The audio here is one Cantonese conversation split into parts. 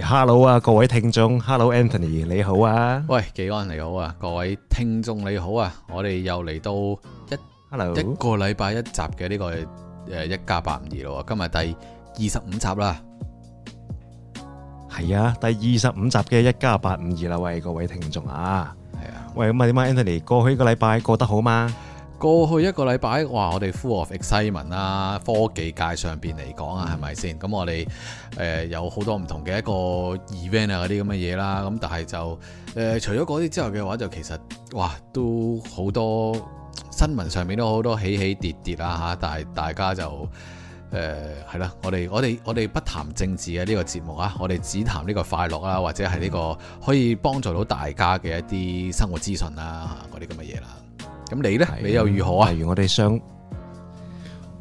Hello 啊，各位聽眾，Hello Anthony，你好啊，喂，紀安你好啊，各位聽眾你好啊，我哋又嚟到一 Hello 一個禮拜一集嘅呢個誒一加八五二啦，今日第二十五集啦，係啊，第二十五集嘅一加八五二啦，喂各位聽眾啊，係啊，喂咁啊點啊，Anthony 過去一個禮拜過得好嗎？過去一個禮拜，哇！我哋 Full of excitement 啦，科技界上邊嚟講啊，係咪先？咁我哋誒、呃、有好多唔同嘅一個 event 啊，嗰啲咁嘅嘢啦。咁但係就誒、呃，除咗嗰啲之外嘅話，就其實哇，都好多新聞上面都好多起起跌跌啦嚇、啊。但係大家就誒係啦，我哋我哋我哋不談政治嘅呢個節目啊，我哋只談呢個快樂啊，或者係呢個可以幫助到大家嘅一啲生活資訊啦，嗰啲咁嘅嘢啦。咁你咧？你又如何啊？例如我哋上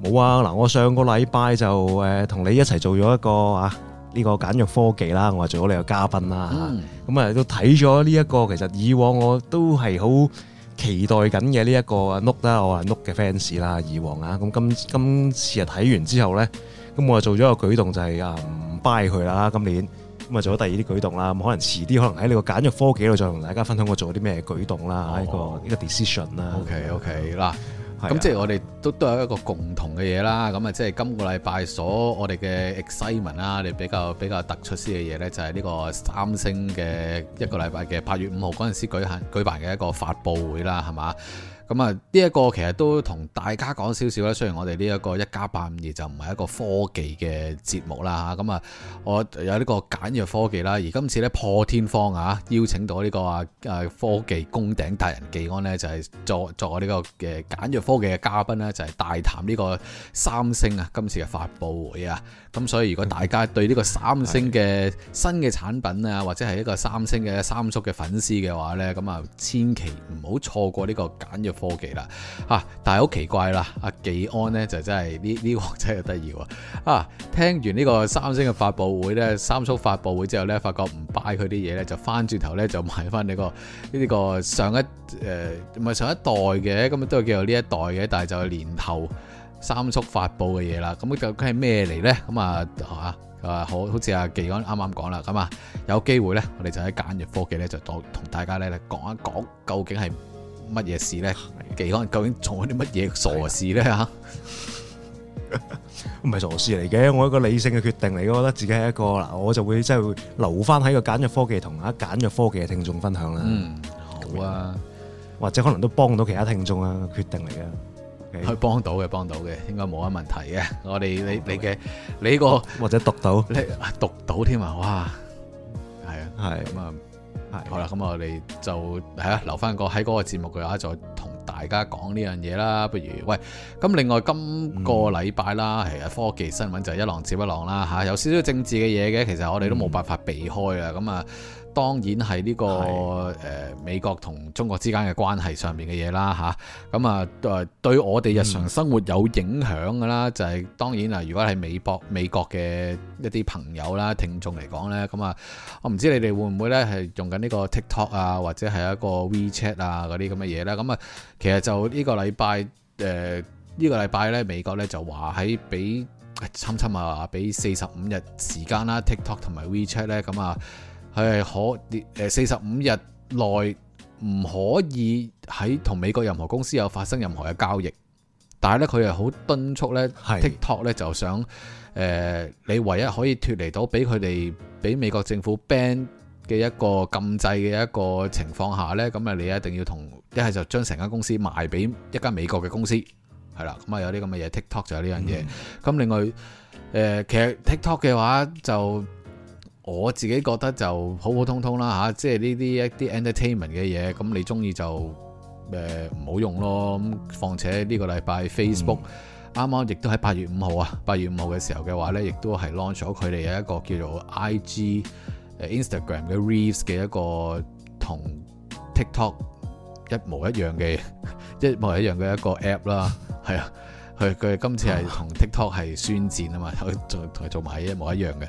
冇啊嗱，我上個禮拜就誒同你一齊做咗一個啊呢個簡約科技啦，我係做咗你個嘉賓啦。咁啊都睇咗呢一個，其實以往我都係好期待緊嘅呢一個 Note 啦，我係 Note 嘅 fans 啦。以往啊，咁今今次啊睇完之後咧，咁我就做咗個舉動就係啊唔 buy 佢啦，今年。咁啊，做咗第二啲舉動啦，咁可能遲啲，可能喺你個簡約科技度再同大家分享我做啲咩舉動啦，喺、哦、個呢個 decision 啦。OK OK，嗱，咁即係我哋都都有一個共同嘅嘢啦。咁啊，即係今個禮拜所我哋嘅 excitement 啦，你比較比較突出啲嘅嘢咧，就係呢個三星嘅一個禮拜嘅八月五號嗰陣時舉行舉辦嘅一個發佈會啦，係嘛？咁啊，呢一個其實都同大家講少少啦。雖然我哋呢一個一家八五二就唔係一個科技嘅節目啦吓，咁啊，我有呢個簡約科技啦。而今次呢破天荒啊，邀請到呢個啊科技攻頂大人技安呢就係作作我呢個嘅簡約科技嘅嘉賓呢就係、是、大談呢個三星啊今次嘅發布會啊。咁所以如果大家對呢個三星嘅新嘅產品啊，或者係一個三星嘅三叔嘅粉絲嘅話呢，咁啊千祈唔好錯過呢個簡約科技啦嚇、啊！但係好奇怪啦，阿幾安呢就真係呢呢個真係得意喎啊！聽完呢個三星嘅發布會呢，三叔發布會之後呢，發覺唔 buy 佢啲嘢呢，就翻轉頭呢，就買翻呢個呢個上一誒唔係上一代嘅，咁啊都係叫做呢一代嘅，但係就係年頭，三速發布嘅嘢啦，咁究竟係咩嚟咧？咁啊嚇，啊好好似阿技安啱啱講啦，咁啊有機會咧，我哋就喺簡約科技咧就做同大家咧嚟講一講，究竟係乜嘢事咧？技安究竟做啲乜嘢傻事咧？吓，唔係傻事嚟嘅，我一個理性嘅決定嚟嘅，我覺得自己係一個嗱，我就會真係會留翻喺個簡約科技同啊簡約科技嘅聽眾分享啦。嗯，好啊，或者可能都幫到其他聽眾啊，決定嚟嘅。去、okay。幫到嘅，幫到嘅，應該冇乜問題嘅。我哋你你嘅你，這個或者讀到，你讀到添啊！哇，係啊，係咁啊，係、嗯、好啦，咁我哋就係啊，留翻個喺嗰個節目嘅話，再同大家講呢樣嘢啦。不如喂，咁另外今個禮拜啦，其、嗯、實科技新聞就係一浪接一浪啦，吓，有少少政治嘅嘢嘅，其實我哋都冇辦法避開啊。咁、嗯、啊。當然係呢、這個誒、呃、美國同中國之間嘅關係上面嘅嘢啦嚇，咁啊，啊對我哋日常生活有影響噶啦，嗯、就係、是、當然啊！如果係美，美國美國嘅一啲朋友啦、聽眾嚟講呢，咁、嗯、啊，我唔知你哋會唔會呢係用緊呢個 TikTok 啊，或者係一個 WeChat 啊嗰啲咁嘅嘢咧，咁啊、嗯，其實就呢個禮拜誒呢、呃這個禮拜呢，美國呢就話喺俾參參啊，俾四十五日時間啦，TikTok 同埋 WeChat 呢。咁、嗯、啊。係可誒四十五日內唔可以喺同美國任何公司有發生任何嘅交易，但係咧佢又好敦促咧 TikTok 咧就想誒、呃、你唯一可以脫離到俾佢哋俾美國政府 ban 嘅一個禁制嘅一個情況下咧，咁啊你一定要同一係就將成間公司賣俾一間美國嘅公司係啦，咁啊有啲咁嘅嘢 TikTok 就有呢樣嘢，咁、嗯、另外誒、呃、其實 TikTok 嘅話就。我自己覺得就普普通通啦嚇，啊，即係呢啲一啲 entertainment 嘅嘢，咁你中意就誒唔、呃、好用咯。咁況且呢個禮拜 Facebook 啱啱亦都喺八月五號啊，八月五號嘅時候嘅話呢，亦都係 launch 咗佢哋有一個叫做 IG Instagram 嘅 Reels 嘅一個同 TikTok 一模一樣嘅一模一樣嘅一個 app 啦。係啊，佢佢今次係同 TikTok 係宣戰啊嘛，同佢做埋一模一樣嘅。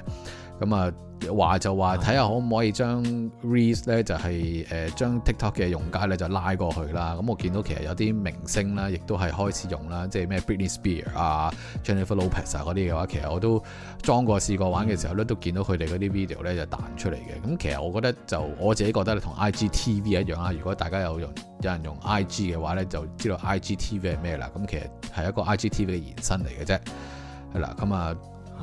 咁啊，話就話睇下可唔可以將 Reels 咧，就係、係、將、呃、TikTok 嘅用家咧就拉過去啦。咁我見到其實有啲明星啦，亦都係開始用啦，即係咩 Britney Spears 啊、Jennifer Lopez 啊嗰啲嘅話，其實我都裝過試過玩嘅時候咧，都見到佢哋嗰啲 video 咧就彈出嚟嘅。咁其實我覺得就我自己覺得同 IGTV 一樣啦。如果大家有用有人用 IG 嘅話咧，就知道 IGTV 係咩啦。咁其實係一個 IGTV 嘅延伸嚟嘅啫。係啦，咁啊。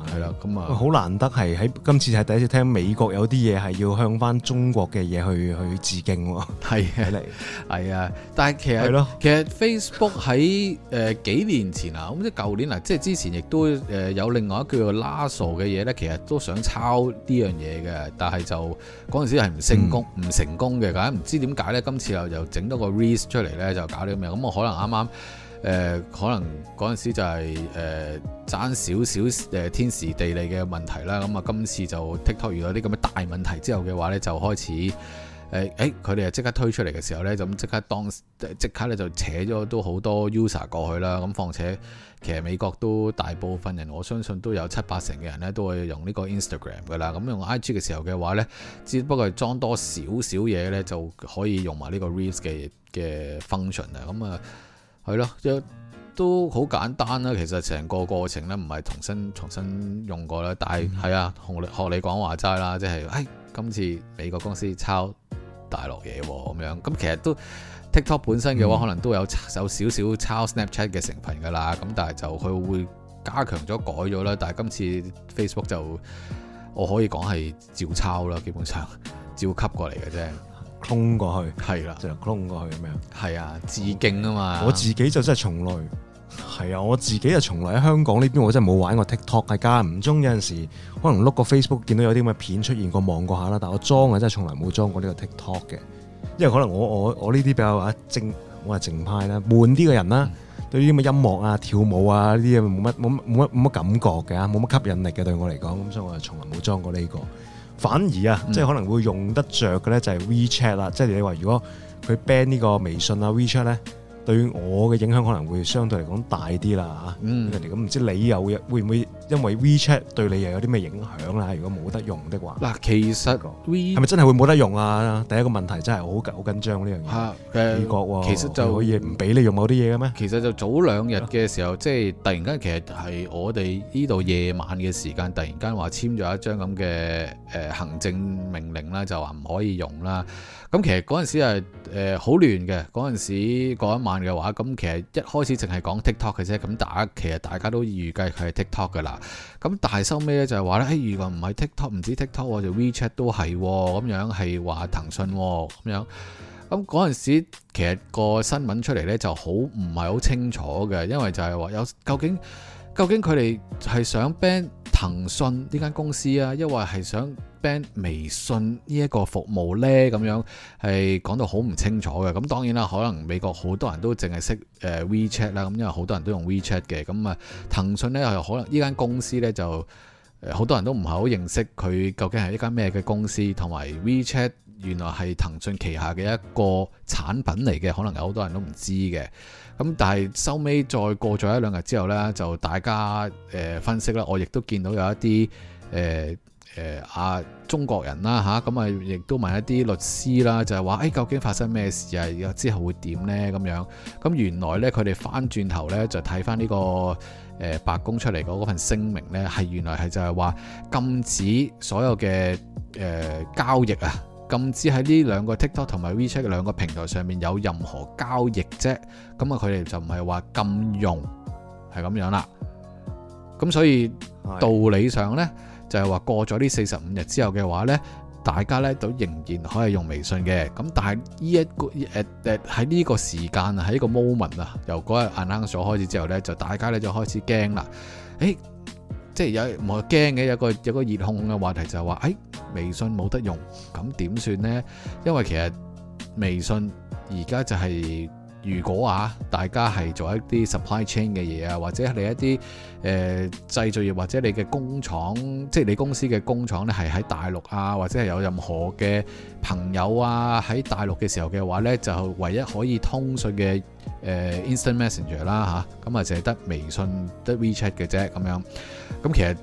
係啦，咁啊，好、啊、難得係喺今次係第一次聽美國有啲嘢係要向翻中國嘅嘢去去致敬、哦，係嚟、啊，係啊，但係其實、啊、其實 Facebook 喺誒幾年前啊，咁 即係舊年嗱，即係之前亦都誒有另外一個叫做 Lasso 嘅嘢咧，其實都想抄呢樣嘢嘅，但係就嗰陣時係唔成功，唔、嗯、成功嘅，咁唔知點解咧？今次又又整多個 Reels 出嚟咧，就搞啲咁樣，咁我可能啱啱。誒、呃、可能嗰陣時就係誒爭少少誒天時地利嘅問題啦，咁啊今次就 TikTok 遇到啲咁嘅大問題之後嘅話呢就開始誒誒佢哋啊即刻推出嚟嘅時候呢，就即刻當即刻咧就扯咗都好多 user 過去啦。咁況且其實美國都大部分人，我相信都有七八成嘅人呢都會用呢個 Instagram 嘅啦。咁用 IG 嘅時候嘅話呢，只不過係裝多少少嘢呢，就可以用埋呢個 Reels 嘅嘅 function 啊。咁啊～那係咯，都好簡單啦。其實成個過程咧，唔係重新重新用過啦、嗯。但係係啊，學你學你講話齋啦，即係，誒、哎，今次美國公司抄大陸嘢咁、哦、樣。咁其實都 TikTok 本身嘅話、嗯，可能都有有少少抄 Snapchat 嘅成分噶啦。咁但係就佢會加強咗改咗啦。但係今次 Facebook 就我可以講係照抄啦，基本上照吸過嚟嘅啫。衝過去係啦、啊，就衝、是、過去咁樣。係啊，致敬啊嘛。我自己就真係從來係啊，我自己就從來喺、啊、香港呢邊，我真係冇玩過 TikTok。係間唔中有陣時，可能碌個 Facebook 見到有啲咁嘅片出現過，望過下啦。但我裝啊，真係從來冇裝過呢個 TikTok 嘅。因為可能我我我呢啲比較啊正，我係正派啦，悶啲嘅人啦，嗯、對呢啲咁嘅音樂啊、跳舞啊呢啲嘢冇乜冇冇乜冇乜感覺嘅，冇乜吸引力嘅，對我嚟講。咁所以我就從來冇裝過呢、這個。反而啊，即係可能會用得着嘅咧，就係 WeChat 啦、嗯。即係你話，如果佢 ban 呢個微信啊，WeChat 咧？對我嘅影響可能會相對嚟講大啲啦吓，咁、嗯、唔知你又會唔會因為 WeChat 對你又有啲咩影響啦？如果冇得用的話，嗱，其實 We 係咪真係會冇得用啊？第一個問題真係好好緊張呢樣嘢，美國、啊、其實就可以唔俾你用嗰啲嘢嘅咩？其實就早兩日嘅時候，即係突然間，其實係我哋呢度夜晚嘅時間，突然間話簽咗一張咁嘅誒行政命令啦，就話唔可以用啦。咁其實嗰陣時係好亂嘅，嗰陣時過一晚嘅話，咁其實一開始淨係講 TikTok 嘅啫，咁大家其實大家都預計佢係 TikTok 㗎啦，咁但係收尾咧就係話咧，誒、欸、如果唔係 TikTok，唔知 TikTok 或就 WeChat 都係咁、哦樣，哦、樣，係話騰訊咁樣，咁嗰陣時其實個新聞出嚟咧就好唔係好清楚嘅，因為就係話有究竟究竟佢哋係想 ban。騰訊呢間公司啊，因為係想 ban 微信呢一個服務呢，咁樣係講到好唔清楚嘅。咁當然啦，可能美國好多人都淨係識誒 WeChat 啦，咁因為好多人都用 WeChat 嘅。咁啊，騰訊呢，又可能呢間公司呢，就誒好多人都唔係好認識佢究竟係一間咩嘅公司，同埋 WeChat 原來係騰訊旗下嘅一個產品嚟嘅，可能有好多人都唔知嘅。咁但係收尾再過咗一兩日之後呢，就大家誒、呃、分析啦，我亦都見到有一啲誒誒啊中國人啦嚇，咁啊亦都問一啲律師啦，就係話誒究竟發生咩事啊？之後會點呢？咁樣咁原來呢，佢哋翻轉頭呢，就睇翻呢個誒、呃、白宮出嚟嗰份聲明呢，係原來係就係話禁止所有嘅誒、呃、交易啊！禁止喺呢兩個 TikTok 同埋 WeChat 兩個平台上面有任何交易啫，咁啊佢哋就唔係話禁用係咁樣啦。咁所以道理上呢，就係話過咗呢四十五日之後嘅話呢，大家呢都仍然可以用微信嘅。咁但係呢一個誒誒喺呢個時間喺呢個 moment 啊，由嗰日 announce 咗開始之後呢，就大家呢，就開始驚啦。誒。即係有冇驚嘅，有個有個熱烘烘嘅話題就係話，誒、哎、微信冇得用，咁點算咧？因為其實微信而家就係、是。如果啊，大家係做一啲 supply chain 嘅嘢啊，或者係你一啲誒製造業，或者你嘅工廠，即係你公司嘅工廠咧，係喺大陸啊，或者係有任何嘅朋友啊喺大陸嘅時候嘅話咧，就唯一可以通訊嘅誒、呃、instant messenger 啦吓，咁啊淨係得微信得 WeChat 嘅啫咁樣，咁其實誒、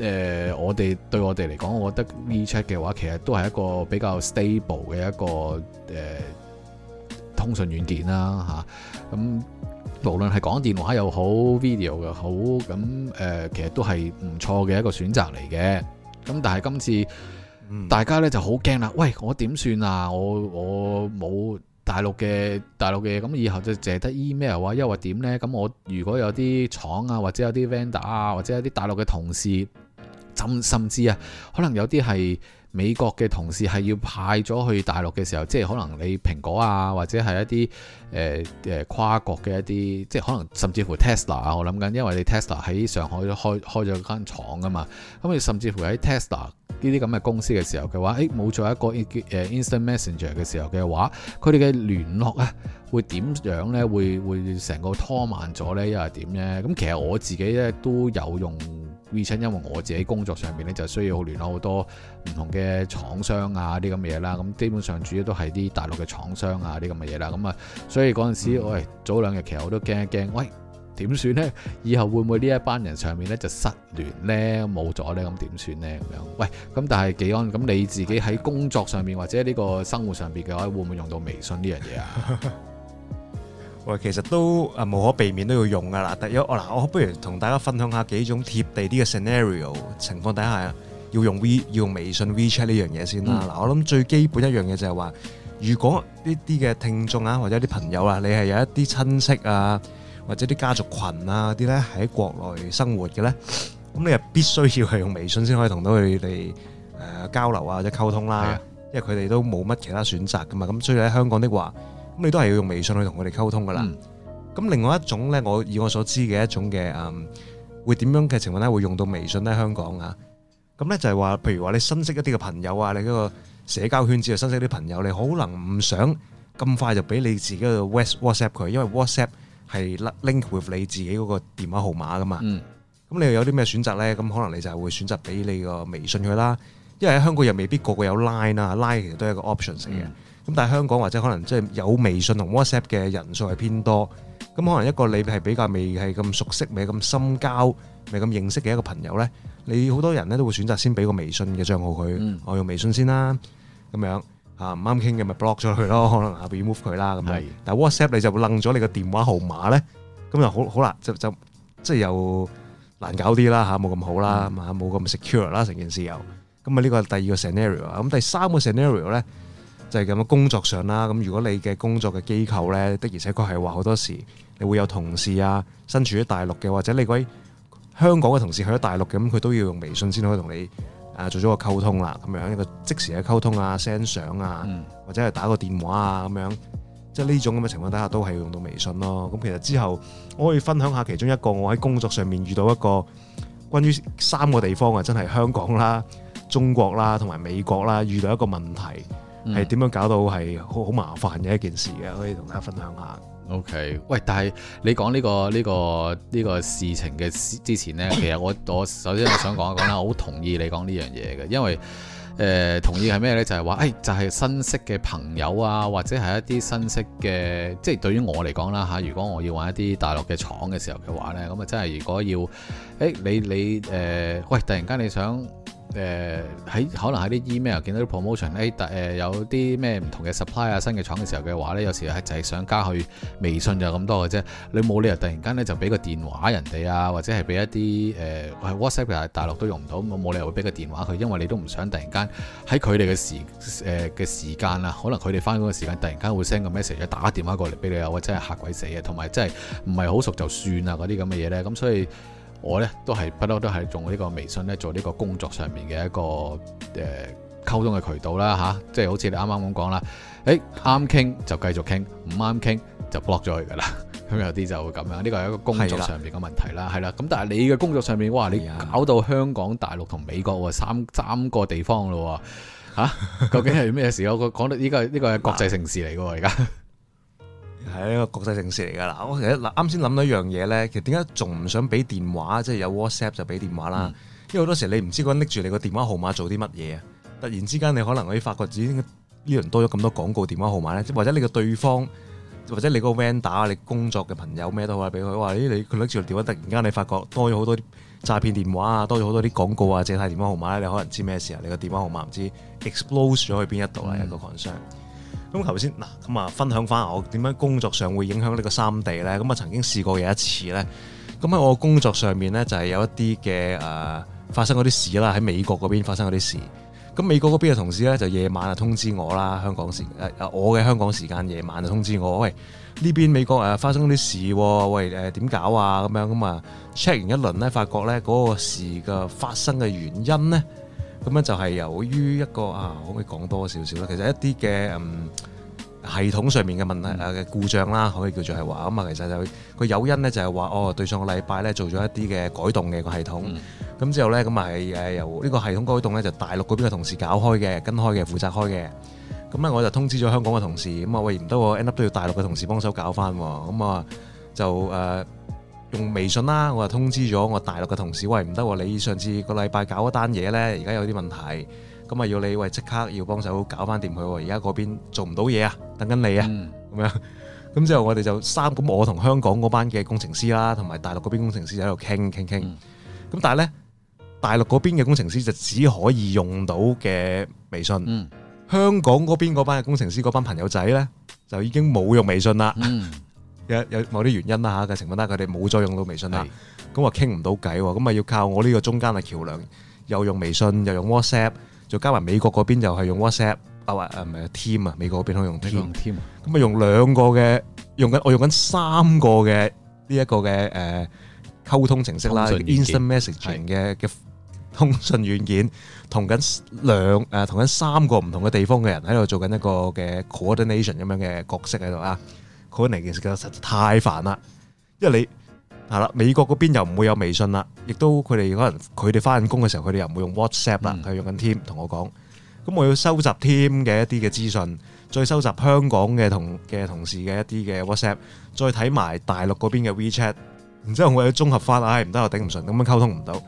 呃、我哋對我哋嚟講，我覺得 WeChat 嘅話其實都係一個比較 stable 嘅一個誒。呃通訊軟件啦，嚇咁，無論係講電話又好，video 又好，咁誒，其實都係唔錯嘅一個選擇嚟嘅。咁但係今次大家呢就好驚啦，喂，我點算啊？我我冇大陸嘅大陸嘅嘢，咁以後就淨得 email 啊，又或點呢？咁我如果有啲廠啊，或者有啲 vendor 啊，或者有啲大陸嘅同事，甚甚至啊，可能有啲係。美國嘅同事係要派咗去大陸嘅時候，即係可能你蘋果啊，或者係一啲誒誒跨國嘅一啲，即係可能甚至乎 Tesla 啊，我諗緊，因為你 Tesla 喺上海都開開咗間廠㗎嘛。咁、嗯、你甚至乎喺 Tesla 呢啲咁嘅公司嘅時候嘅話，誒冇咗一個誒、呃、Instant Messenger 嘅時候嘅話，佢哋嘅聯絡啊會點樣咧？會會成個拖慢咗咧，又係點咧？咁、嗯、其實我自己咧都有用。微信，因為我自己工作上面咧就需要聯絡好多唔同嘅廠商啊啲咁嘅嘢啦，咁基本上主要都係啲大陸嘅廠商啊啲咁嘅嘢啦，咁啊，所以嗰陣時，我、哎、早兩日其實我都驚一驚，喂點算呢？以後會唔會呢一班人上面咧就失聯呢？冇咗呢？咁點算呢？咁樣，喂，咁但係幾安？咁你自己喺工作上面或者呢個生活上邊嘅話，會唔會用到微信呢樣嘢啊？喂，其實都啊，無可避免都要用噶啦。第一，我嗱，我不如同大家分享下幾種貼地啲嘅 scenario 情況底下，要用 We 要用微信 WeChat 呢樣嘢先啦。嗱，我諗最基本一樣嘢就係話，如果呢啲嘅聽眾啊，或者啲朋友啊，你係有一啲親戚啊，或者啲家族羣啊啲咧喺國內生活嘅咧，咁你係必須要係用微信先可以同到佢哋誒交流啊，或者溝通啦。因為佢哋都冇乜其他選擇噶嘛。咁所以喺香港的話。咁你都係要用微信去同佢哋溝通噶啦。咁另外一種咧，我以我所知嘅一種嘅誒，會點樣嘅情況咧，會用到微信咧？香港啊，咁咧就係話，譬如話你新識一啲嘅朋友啊，你嗰個社交圈子啊，新識啲朋友，你好可能唔想咁快就俾你自己嘅 WhatsApp 佢，因為 WhatsApp 係 link with 你自己嗰個電話號碼噶嘛。咁你又有啲咩選擇咧？咁可能你就係會選擇俾你個微信佢啦。因為喺香港又未必個個有 Line 啊，Line 其實都係一個 option 嚟嘅。咁但係香港或者可能即係有微信同 WhatsApp 嘅人數係偏多，咁可能一個你係比較未係咁熟悉、未咁深交、未咁認識嘅一個朋友咧，你好多人咧都會選擇先俾個微信嘅帳號佢，我用微信先啦，咁樣嚇唔啱傾嘅咪 block 咗佢咯，可能 remove 佢啦咁樣。但係 WhatsApp 你就楞咗你個電話號碼咧，咁就好好啦，就就即係又難搞啲啦嚇，冇咁好啦，嚇冇咁 secure 啦，成件事又咁啊，呢個係第二個 scenario 啊，咁第三個 scenario 咧。就係咁嘅工作上啦。咁如果你嘅工作嘅機構呢，的而且確係話好多時，你會有同事啊，身處喺大陸嘅，或者你嗰啲香港嘅同事去咗大陸嘅，咁佢都要用微信先可以同你誒做咗個溝通啦。咁樣一個即時嘅溝通啊，send 相啊，或者係打個電話啊，咁樣即係呢種咁嘅情況底下，都係要用到微信咯。咁其實之後我可以分享下其中一個我喺工作上面遇到一個關於三個地方啊，真係香港啦、中國啦同埋美國啦，遇到一個問題。係點樣搞到係好好麻煩嘅一件事嘅？可以同大家分享下。OK，喂，但係你講呢、這個呢、這個呢、這個事情嘅之前呢，其實我我首先我想講一講啦， 我好同意你講呢樣嘢嘅，因為誒、呃、同意係咩呢？就係、是、話，誒、哎、就係、是、新識嘅朋友啊，或者係一啲新識嘅，即、就、係、是、對於我嚟講啦吓，如果我要玩一啲大陸嘅廠嘅時候嘅話呢，咁啊真係如果要誒、哎、你你誒、呃，喂，突然間你想～誒、呃、喺可能喺啲 email 見到啲 promotion，誒、呃、誒有啲咩唔同嘅 supply 啊新嘅廠嘅時候嘅話咧，有時係就係想加去微信就咁多嘅啫。你冇理由突然間咧就俾個電話人哋啊，或者係俾一啲誒、呃、WhatsApp 大陸都用唔到，咁我冇理由會俾個電話佢，因為你都唔想突然間喺佢哋嘅時誒嘅、呃、時間啊，可能佢哋翻工嘅時間突然間會 send 個 message 打電話過嚟俾你啊，真係嚇鬼死啊！同埋真係唔係好熟就算啦嗰啲咁嘅嘢咧，咁所以。我呢都係不嬲，都係用呢個微信呢做呢個工作上面嘅一個誒溝、呃、通嘅渠道啦，吓、啊，即係好似你啱啱咁講啦，誒啱傾就繼續傾，唔啱傾就 block 咗去噶啦，咁、嗯、有啲就會咁樣，呢、這個係一個工作上面嘅問題啦，係啦，咁但係你嘅工作上面，哇，你搞到香港、大陸同美國三三個地方咯，吓、啊，究竟係咩事？ 我講到呢、這個呢個係國際城市嚟噶喎，而、啊、家。 係一個國際城市嚟㗎啦！我其實嗱，啱先諗到一樣嘢咧，其實點解仲唔想俾電話？即係有 WhatsApp 就俾電話啦、嗯。因為好多時你唔知嗰人拎住你個電話號碼做啲乜嘢啊！突然之間你可能可以發覺自己呢人多咗咁多廣告電話號碼咧，或者你個對方或者你個 van 打你工作嘅朋友咩都話俾佢，話咦你佢拎住個電話，突然間你發覺多咗好多啲詐騙電話啊，多咗好多啲廣告啊、借貸電話號碼咧，你可能知咩事啊？你個電話號碼唔知 explode 咗去邊一度啦，一個 concern。咁頭先嗱，咁啊分享返我點樣工作上會影響呢個三地咧。咁啊曾經試過有一次咧，咁喺我工作上面咧就係有一啲嘅誒發生嗰啲事啦，喺美國嗰邊發生嗰啲事。咁美國嗰邊嘅同事咧就夜晚啊通知我啦，香港時誒、呃、我嘅香港時間夜晚就通知我，喂呢邊美國誒發生嗰啲事，喂誒點、呃、搞啊咁樣。咁啊 check 完一輪咧，發覺咧嗰個事嘅發生嘅原因咧。咁樣就係由於一個啊，可唔可以講多少少啦，其實一啲嘅嗯系統上面嘅問題嘅、嗯、故障啦，可以叫做係話啊，其實就佢、是、有因呢，就係話哦，對上個禮拜呢，做咗一啲嘅改動嘅個系統。咁、嗯、之後呢，咁啊係由呢個系統改動呢，就大陸嗰邊嘅同事搞開嘅，跟開嘅負責開嘅。咁咧我就通知咗香港嘅同事，咁、嗯、啊喂，唔得喎，end up 都要大陸嘅同事幫手搞翻喎。咁、嗯、啊就、呃用微信啦，我就通知咗我大陸嘅同事，喂，唔得喎，你上次個禮拜搞嗰單嘢呢，而家有啲問題，咁啊要你喂即刻要幫手搞翻掂佢，而家嗰邊做唔到嘢啊，等緊你啊，咁、嗯、樣，咁之後我哋就三咁，我同香港嗰班嘅工程師啦，同埋大陸嗰邊工程師喺度傾傾傾，咁、嗯、但係呢，大陸嗰邊嘅工程師就只可以用到嘅微信，嗯、香港嗰邊嗰班嘅工程師嗰班朋友仔呢，就已經冇用微信啦。嗯有有某啲原因啦嚇嘅情況下，佢哋冇再用到微信啦，咁話傾唔到計喎，咁咪要靠我呢個中間嘅橋梁，又用微信，又用 WhatsApp，再加埋美國嗰邊又係用 WhatsApp，啊話誒唔係 Team 啊，美國嗰邊可以用 Team，咁咪用兩個嘅，用緊我用緊三個嘅呢一個嘅誒溝通程式啦，Instant Messaging 嘅通訊軟件，同緊兩誒同緊三個唔同嘅地方嘅人喺度做緊一個嘅 Coordination 咁樣嘅角色喺度啊。嗰兩件事其實實在太煩啦，因為你係啦，美國嗰邊又唔會有微信啦，亦都佢哋可能佢哋翻緊工嘅時候，佢哋又唔會用 WhatsApp 啦，佢、嗯、用緊 Team 同我講，咁我要收集 Team 嘅一啲嘅資訊，再收集香港嘅同嘅同事嘅一啲嘅 WhatsApp，再睇埋大陸嗰邊嘅 WeChat，然之後綜、啊、我要綜合翻，唉唔得我頂唔順，咁樣溝通唔到、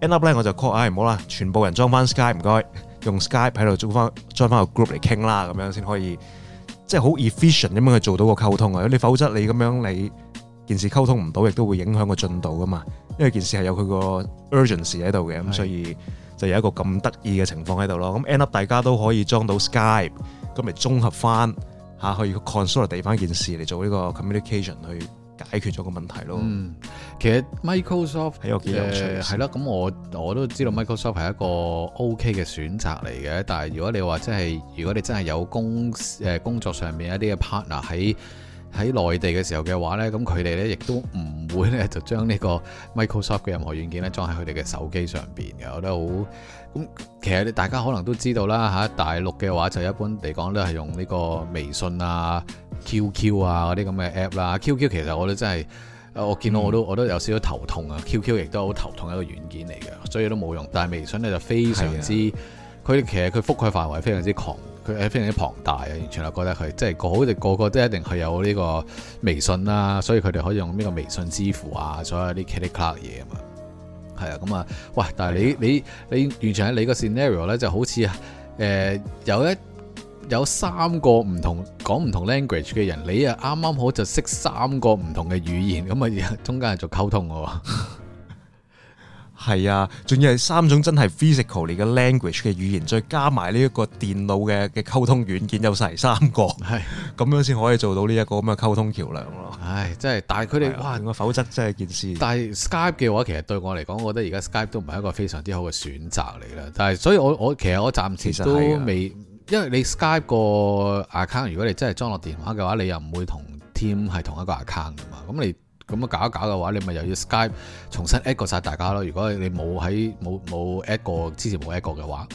嗯、，end up 咧我就 call，唉唔好啦，全部人裝翻 Skype，唔該，用 Skype 喺度組翻組翻個 group 嚟傾啦，咁樣先可以。即係好 efficient 咁樣去做到個溝通啊！你否則你咁樣你件事溝通唔到，亦都會影響個進度噶嘛。因為件事係有佢個 urgency 喺度嘅，咁所以就有一個咁得意嘅情況喺度咯。咁 end up 大家都可以裝到 Skype，咁咪綜合翻嚇、啊，可以 consolidate 翻件事嚟做呢個 communication 去。解決咗個問題咯。嗯，其實 Microsoft 係有幾有趣誒係啦，咁、呃、我我都知道 Microsoft 係一個 OK 嘅選擇嚟嘅。但係如果你話即係如果你真係有工誒工作上面一啲嘅 partner 喺喺內地嘅時候嘅話呢，咁佢哋呢亦都唔會呢就將呢個 Microsoft 嘅任何軟件咧裝喺佢哋嘅手機上邊嘅。我覺得好咁，其實大家可能都知道啦嚇、啊，大陸嘅話就一般嚟講都係用呢個微信啊。QQ 啊嗰啲咁嘅 app 啦，QQ 其實我都真係，我見到我都我都有少少頭痛啊。嗯、QQ 亦都好頭痛一個軟件嚟嘅，所以都冇用。但係微信咧就非常之，佢、啊、其實佢覆蓋範圍非常之廣，佢、嗯、非常之龐大啊！完全係覺得佢即係個好，即係個個都一定係有呢個微信啦、啊，所以佢哋可以用呢個微信支付啊，所有啲 credit card 嘢啊嘛。係啊，咁啊，喂，但係你是、啊、你你完全喺你個 scenario 咧就好似誒、呃、有一。有三個唔同講唔同 language 嘅人，你啊啱啱好就識三個唔同嘅語言，咁啊中間係做溝通嘅喎。係啊，仲要係三種真係 physical 嚟嘅 language 嘅語言，再加埋呢一個電腦嘅嘅溝通軟件，有晒三個，係咁樣先可以做到呢一個咁嘅溝通橋梁咯。唉，真係，但係佢哋哇，否則真係件事。但係 Skype 嘅話，其實對我嚟講，我覺得而家 Skype 都唔係一個非常之好嘅選擇嚟啦。但係，所以我我其實我暫時都未。因為你 Skype 個 account，如果你真係裝落電話嘅話，你又唔會同 Team 係同一個 account 噶嘛。咁你咁樣搞一搞嘅話，你咪又要 Skype 重新 add 過曬大家咯。如果你冇喺冇冇 add 過之前冇 add 過嘅話，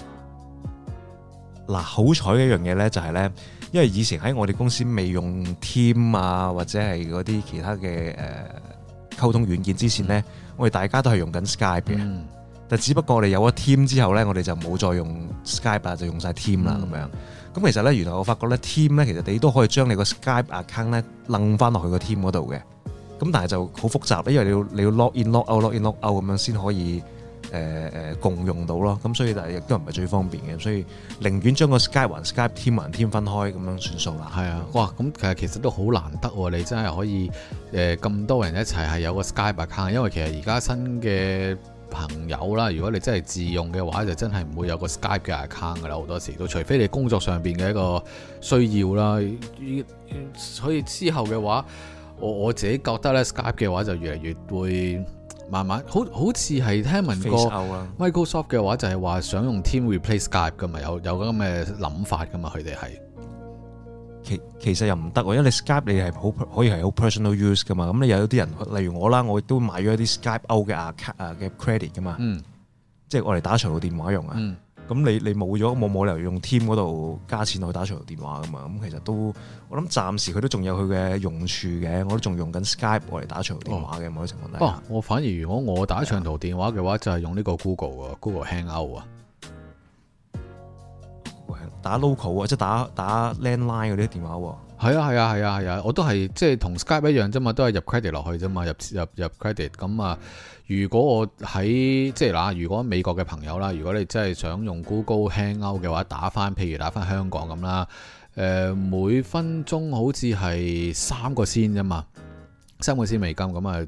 嗱，好彩嘅一樣嘢咧就係咧，因為以前喺我哋公司未用 Team 啊或者係嗰啲其他嘅誒溝通軟件之前咧、嗯，我哋大家都係用緊 Skype 嘅。嗯。但只不過你有咗 Team 之後咧，我哋就冇再用 Skype，就用晒 Team 啦。咁樣咁其實咧，原來我發覺咧，Team 咧其實你都可以將你個 Skype account 咧掹翻落去個 Team 嗰度嘅。咁但係就好複雜，因為你要你要 log in log out log in log out 咁樣先可以、呃、共用到咯。咁所以但係亦都唔係最方便嘅，所以寧願將個 Skype 雲 Skype Team 雲 Team 分開咁樣算數啦。係啊，哇！咁其實其實都好難得喎，你真係可以呃、咁多人一齊係有個 Skype account，因為其實而家新嘅。朋友啦，如果你真係自用嘅話，就真係唔會有個 Skype 嘅 account 噶啦，好多時都，除非你工作上邊嘅一個需要啦。所以之後嘅話，我我自己覺得咧，Skype 嘅話就越嚟越會慢慢好好似係聽聞過 Microsoft 嘅話就係話想用 Team replace Skype 噶嘛，有有咁嘅諗法噶嘛，佢哋係。其其實又唔得喎，因為你 Skype 你係好可以係好 personal use 噶嘛，咁你有啲人，例如我啦，我都買咗一啲 Skype out 嘅 account 嘅 credit 噶嘛，嗯、即係我嚟打長途電話用啊，咁、嗯、你你冇咗，冇冇理由用 Team 嗰度加錢去打長途電話噶嘛，咁其實都我諗暫時佢都仲有佢嘅用處嘅，我都仲用緊 Skype 我嚟打長途電話嘅、哦、某啲情況底下、哦、我反而如果我打長途電話嘅話，就係、是、用呢個 Google 啊，Google Hangout 啊。打 local 打打的電話啊，即係打打 landline 嗰啲電話喎。係啊，係啊，係啊，係啊，我都係即係同 Skype 一樣啫嘛，都係入 credit 落去啫嘛，入入入 credit 咁啊。如果我喺即係嗱，如果美國嘅朋友啦，如果你真係想用 Google Hangout 嘅話，打翻譬如打翻香港咁啦，呃，每分鐘好似係三個先啫嘛，三個先美金咁啊，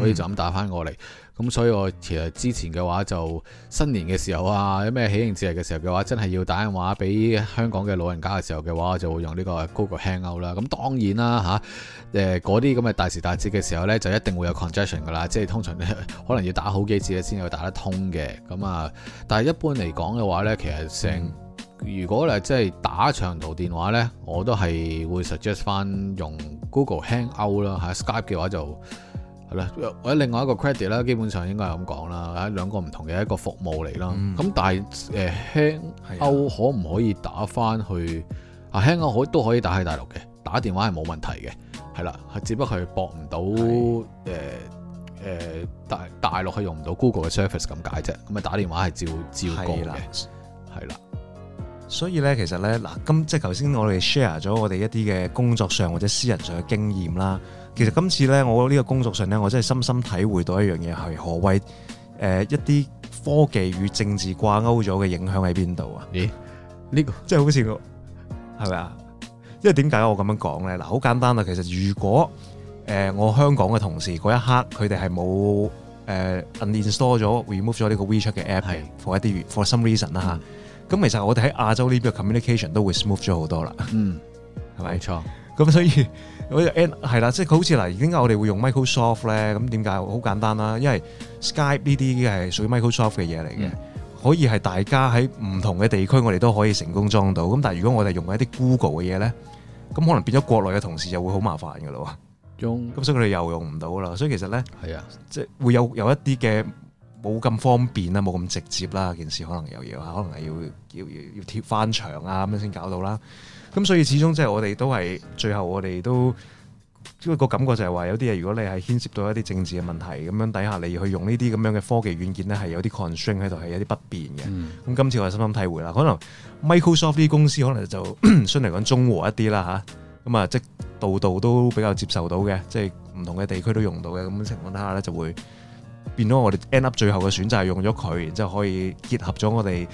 可以就咁打翻過嚟。嗯咁所以我其實之前嘅話就新年嘅時候啊，有咩喜慶節日嘅時候嘅話，真係要打電話俾香港嘅老人家嘅時候嘅話，我就會用呢個 Google Hangout 啦。咁、嗯、當然啦嗰啲咁嘅大時大節嘅時候呢，就一定會有 congestion 噶啦，即係通常可能要打好幾次先有打得通嘅。咁啊，但係一般嚟講嘅話呢，其實成、嗯、如果咧即係打長途電話呢，我都係會 suggest 翻用 Google Hangout 啦、啊、Skype 嘅話就。係啦，我喺另外一個 credit 啦，基本上應該係咁講啦，兩個唔同嘅一個服務嚟啦。咁、嗯、但係誒香港可唔可以打翻去？啊，香港可都可以打喺大陸嘅，打電話係冇問題嘅。係啦，係只不過係駁唔到誒誒、呃呃、大大陸係用唔到 Google 嘅 service 咁解啫。咁啊，打電話係照照過嘅，係啦。所以咧，其實咧，嗱，今即係頭先我哋 share 咗我哋一啲嘅工作上或者私人上嘅經驗啦。其實今次咧，我呢個工作上咧，我真係深深體會到一樣嘢係何謂誒、呃、一啲科技與政治掛鈎咗嘅影響喺邊度啊？咦、欸？呢、這個即係好似個係咪啊？因為點解我咁樣講咧？嗱，好簡單啊。其實如果誒、呃、我香港嘅同事嗰一刻佢哋係冇誒、呃、uninstall 咗 remove 咗呢個 WeChat 嘅 app for 一啲 for some reason 啦、嗯、嚇。咁其實我哋喺亞洲呢邊嘅 communication 都會 smooth 咗好多啦。嗯，係咪、嗯、錯？咁所以、就是、我係啦，即係好似嗱，點解我哋會用 Microsoft 咧？咁點解？好簡單啦，因為 Skype 呢啲係屬於 Microsoft 嘅嘢嚟嘅，可以係大家喺唔同嘅地區，我哋都可以成功裝到。咁但係如果我哋用一啲 Google 嘅嘢咧，咁可能變咗國內嘅同事就會好麻煩噶喇喎。咁所以佢哋又用唔到啦。所以其實咧係啊，即係會有有一啲嘅。冇咁方便啦，冇咁直接啦，件事可能又要可能係要要要要翻牆啊咁樣先搞到啦。咁所以始終即係我哋都係最後我哋都、個感覺就係話有啲嘢，如果你係牽涉到一啲政治嘅問題，咁樣底下，你去用呢啲咁樣嘅科技軟件咧，係有啲 constraint 喺度，係有啲不便嘅。咁、嗯、今次我就深深體會啦，可能 Microsoft 啲公司可能就相對嚟講中和一啲啦吓，咁啊，嗯、即係度度都比較接受到嘅，即係唔同嘅地區都用到嘅咁嘅情況底下咧，就會。變咗我哋 end up 最後嘅選擇係用咗佢，然之後可以結合咗我哋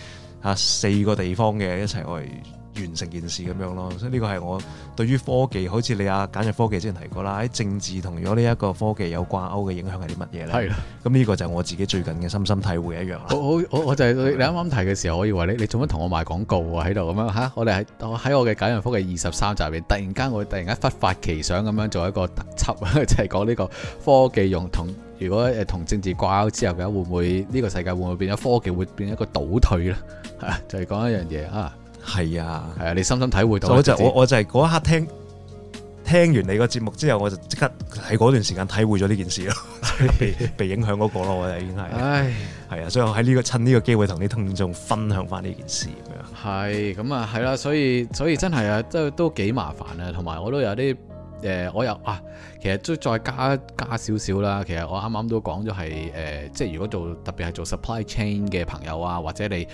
啊四個地方嘅一齊去，完成件事咁樣咯，所以呢個係我對於科技，好似你啊簡約科技之前提過啦，喺政治同咗呢一個科技有掛鈎嘅影響係啲乜嘢咧？係啦，咁呢個就係我自己最近嘅深深體會一樣。我我我我就係、是、你啱啱提嘅時候，我以為你你做乜同我賣廣告喺度咁樣吓？我哋係我喺我嘅簡約科技二十三集入裏，突然間我突然間忽發奇想咁樣做一個特輯，就係講呢個科技用同如果誒同政治掛鈎之後嘅，會唔會呢、呢個世界會唔會變咗？科技會變成一個倒退咧？就係、是、講一樣嘢啊！係啊，係啊，你深深體會到。我就是、我我就係嗰一刻聽聽完你個節目之後，我就即刻喺嗰段時間體會咗呢件事咯， 被影響嗰個咯，我哋已經係。唉，係啊，所以我喺呢個趁呢個機會同啲聽眾分享翻呢件事咁樣。係，咁啊係啦，所以所以真係啊，都都幾麻煩啊，同埋我都有啲。呃、我又啊，其實再再加加少少啦。其實我啱啱都講咗係即係如果做特別係做 supply chain 嘅朋友啊，或者你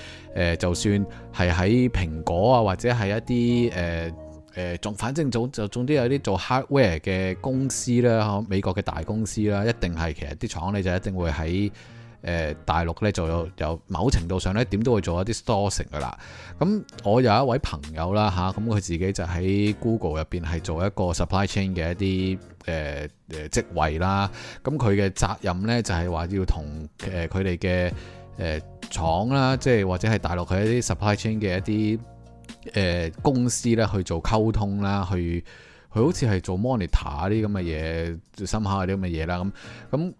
就算係喺蘋果啊，或者係一啲、呃呃、反正總就總之有啲做 hardware 嘅公司啦、啊，美國嘅大公司啦、啊，一定係其實啲廠你就一定會喺。誒、呃、大陸咧就有有某程度上咧點都會做一啲 storage 嘅啦。咁我有一位朋友啦嚇，咁、啊、佢自己就喺 Google 入邊係做一個 supply chain 嘅一啲誒誒職位啦。咁佢嘅責任咧就係、是、話要同誒佢哋嘅誒廠啦，即、呃、係、呃、或者係大陸佢一啲 supply chain 嘅一啲誒、呃、公司咧去做溝通啦，去佢好似係做 monitor 啲咁嘅嘢，深刻啲咁嘅嘢啦。咁咁。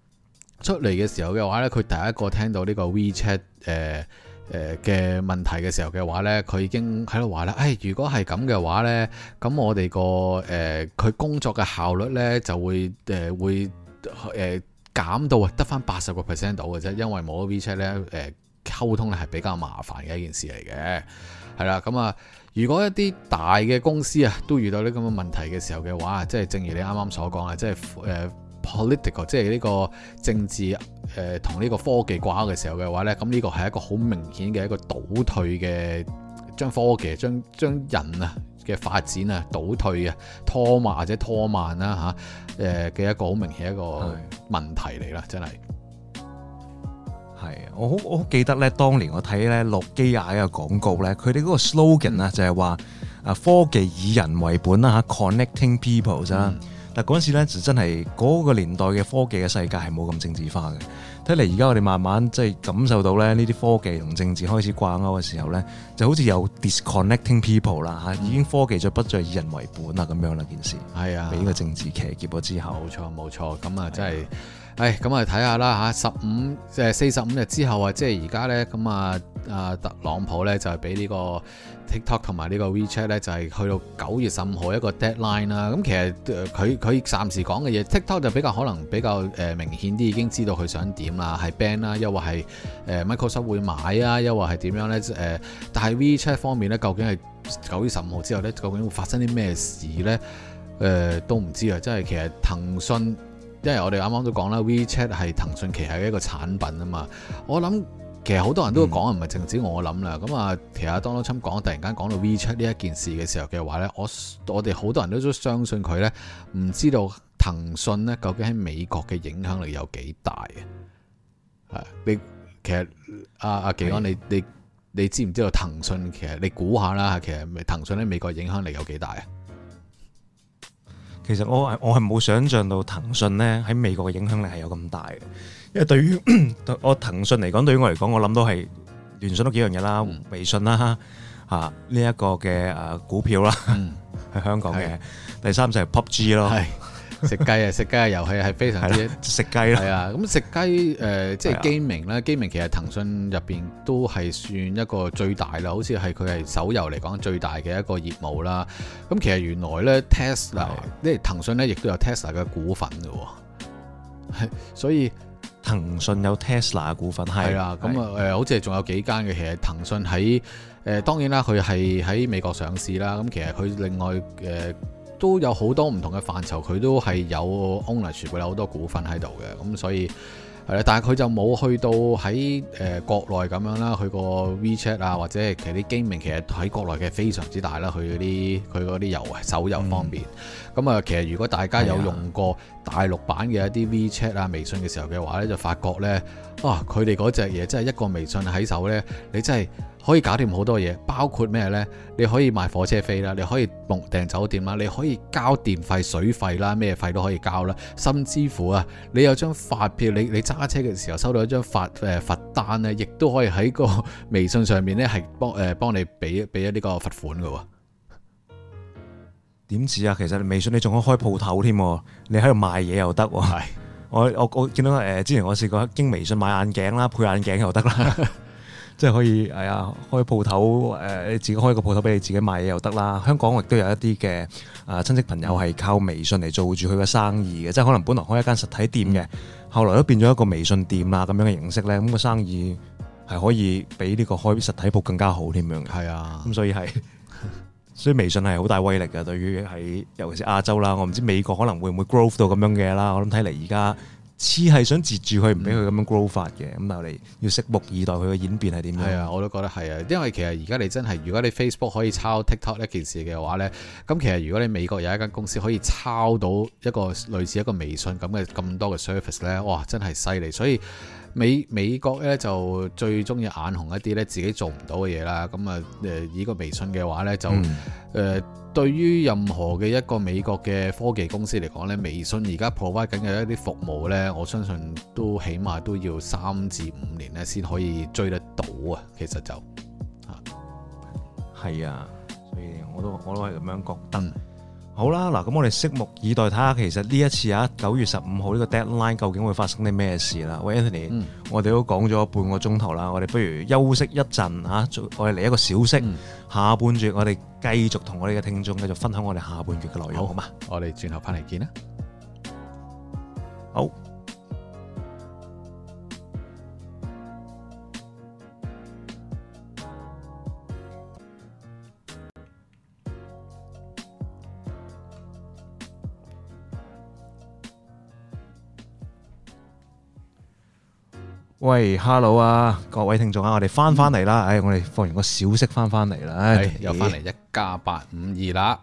出嚟嘅時候嘅話呢，佢第一個聽到呢個 WeChat 誒、呃、誒嘅、呃、問題嘅時候嘅話呢，佢已經喺度話咧，誒、哎、如果係咁嘅話呢咁我哋個誒佢、呃、工作嘅效率呢，就會誒、呃、會誒減、呃、到啊，得翻八十個 percent 度嘅啫。因為冇咗 WeChat 呢，誒、呃、溝通咧係比較麻煩嘅一件事嚟嘅，係啦，咁、嗯、啊，如果一啲大嘅公司啊都遇到呢咁嘅問題嘅時候嘅話即係、就是、正如你啱啱所講啊，即係誒。呃 political 即係呢個政治誒同呢個科技掛鈎嘅時候嘅話咧，咁呢個係一個好明顯嘅一個倒退嘅，將科技將將人啊嘅發展啊倒退啊拖慢或者拖慢啦吓誒嘅一個好明顯一個問題嚟啦，真係。係我好我好記得咧，當年我睇咧諾基亞嘅廣告咧，佢哋嗰個 slogan 啊、嗯、就係話啊科技以人為本啦、啊、connecting people 啦、嗯。嗱，嗰陣時咧，就真係嗰個年代嘅科技嘅世界係冇咁政治化嘅。睇嚟而家我哋慢慢即係感受到咧，呢啲科技同政治開始掛鈎嘅時候咧，就好似有 disconnecting people 啦嚇，已經科技就不再以人為本啦咁樣啦件事、嗯。係啊，俾呢個政治騎劫咗之、就是啊哎、之後。冇錯，冇錯。咁啊，真係，唉，咁啊睇下啦嚇，十五即係四十五日之後啊，即係而家咧，咁啊啊特朗普咧就係俾呢個。TikTok 同埋呢個 WeChat 咧，就係、是、去到九月十五號一個 deadline 啦、啊。咁其實佢佢、呃、暫時講嘅嘢，TikTok 就比較可能比較、呃、明顯啲，已經知道佢想點啦，係 ban 啦、啊，又或係、呃、Microsoft 會買啊，又或係點樣咧、呃？但係 WeChat 方面咧，究竟係九月十五號之後咧，究竟會發生啲咩事咧、呃？都唔知啊！即係其實騰訊，因為我哋啱啱都講啦，WeChat 係騰訊旗下嘅一個產品啊嘛，我諗。其實好多人都講，唔係淨止我諗啦，咁啊，其實 Donald Trump 講，突然間講到 WeChat 呢一件事嘅時候嘅話呢：「我我哋好多人都都相信佢呢，唔知道騰訊呢究竟喺美國嘅影響力有幾大啊？你其實阿阿安，你你，你，你知唔知道騰訊？其實你估下啦，其實騰訊喺美國影響力有幾大啊？其實我係冇想象到騰訊呢喺美國嘅影響力係有咁大嘅。因為對於我騰訊嚟講，對於我嚟講，我諗都係聯想到幾樣嘢啦，嗯，微信啦，吓呢一個嘅誒股票啦，喺、嗯、香港嘅第三就係 PUBG 咯食雞啊，食雞嘅遊戲係非常之食雞咯係啊，咁食雞誒，即係機明啦，機明、呃就是、其實騰訊入邊都係算一個最大啦，好似係佢係手遊嚟講最大嘅一個業務啦。咁其實原來咧 Tesla，即係騰訊咧亦都有 Tesla 嘅股份嘅，係所以。騰訊有 Tesla 嘅股份，係啦，咁誒、啊呃，好似仲有幾間嘅，其實騰訊喺誒、呃，當然啦，佢係喺美國上市啦，咁其實佢另外誒、呃、都有好多唔同嘅範疇，佢都係有 ownership 佢有好多股份喺度嘅，咁所以。係啦，但係佢就冇去到喺誒、呃、國內咁樣啦，佢個 WeChat 啊，或者其他啲機明，其實喺國內嘅非常之大啦，佢嗰啲佢啲遊手遊方面。咁、嗯、啊，其實如果大家有用過大陸版嘅一啲 WeChat 啊的、微信嘅時候嘅話呢就發覺呢，啊佢哋嗰隻嘢真係一個微信喺手呢。你真係～可以搞掂好多嘢，包括咩呢？你可以買火車飛啦，你可以訂酒店啦，你可以交電費、水費啦，咩費都可以交啦。甚至乎啊，你有張發票，你你揸車嘅時候收到一張罰誒罰單呢，亦都可以喺個微信上面呢，係幫誒幫你俾俾一呢個罰款嘅。點知啊？其實微信你仲可以開鋪頭添，你喺度賣嘢又得，啊。係我我我見到誒、呃，之前我試過經微信買眼鏡啦，配眼鏡又得啦，啊。 即係可以係啊、哎，開鋪頭、呃、你自己開個鋪頭俾你自己買嘢又得啦。香港亦都有一啲嘅誒親戚朋友係靠微信嚟做住佢嘅生意嘅，即係可能本來開一間實體店嘅、嗯，後來都變咗一個微信店啦咁樣嘅形式咧，咁、咁個生意係可以比呢個開實體鋪更加好點樣？係啊，咁所以係，所以微信係好大威力嘅。對於喺尤其是亞洲啦，我唔知美國可能會唔會 growth 到咁樣嘅啦。我諗睇嚟而家。似係想截住佢，唔俾佢咁樣 grow 法嘅，咁但、嗯、我哋要拭目以待佢嘅演變係點樣？係啊，我都覺得係啊，因為其實而家你真係，如果你 Facebook 可以抄 TikTok 呢件事嘅話呢，咁其實如果你美國有一間公司可以抄到一個類似一個微信咁嘅咁多嘅 service 呢，哇，真係犀利！所以。美美國咧就最中意眼紅一啲咧自己做唔到嘅嘢啦，咁啊誒以個微信嘅話咧就誒、嗯呃、對於任何嘅一個美國嘅科技公司嚟講咧，微信而家 provide 緊嘅一啲服務咧，我相信都起碼都要三至五年咧先可以追得到啊，其實就嚇。係啊，所以我都我都係咁樣覺得。嗯好啦，嗱，咁我哋拭目以待睇下，其實呢一次啊，九月十五號呢個 deadline 究竟會發生啲咩事啦？喂，Anthony，我哋都講咗半個鐘頭啦，我哋不如休息一陣啊，我哋嚟一個小息，嗯、下半節我哋繼續同我哋嘅聽眾繼續分享我哋下半節嘅內容，好嘛？我哋轉頭翻嚟見啦，好。喂，Hello 啊，各位聽眾啊，我哋翻翻嚟啦，誒、嗯哎，我哋放完個小息翻翻嚟啦，又翻嚟一家八五二啦。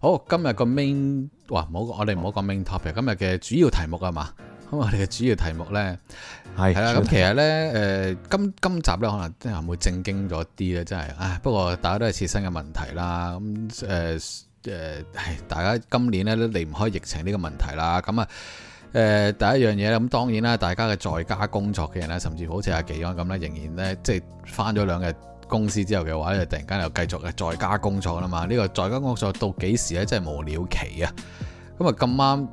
好，今日個 main，哇，唔好我哋唔好講 main topic，今日嘅主要題目啊嘛？咁我哋嘅主要題目咧係係啦，咁、啊、其實咧，誒、呃，今今集咧可能真係會正經咗啲咧，真係，唉，不過大家都係切身嘅問題啦，咁誒誒，大家今年咧都離唔開疫情呢個問題啦，咁啊。誒、呃、第一樣嘢咧，咁當然啦，大家嘅在家工作嘅人咧，甚至好似阿幾安咁咧，仍然咧即係返咗兩日公司之後嘅話咧，就突然間又繼續嘅在家工作啦嘛。呢、這個在家工作到幾時咧？真係無了期啊！咁啊咁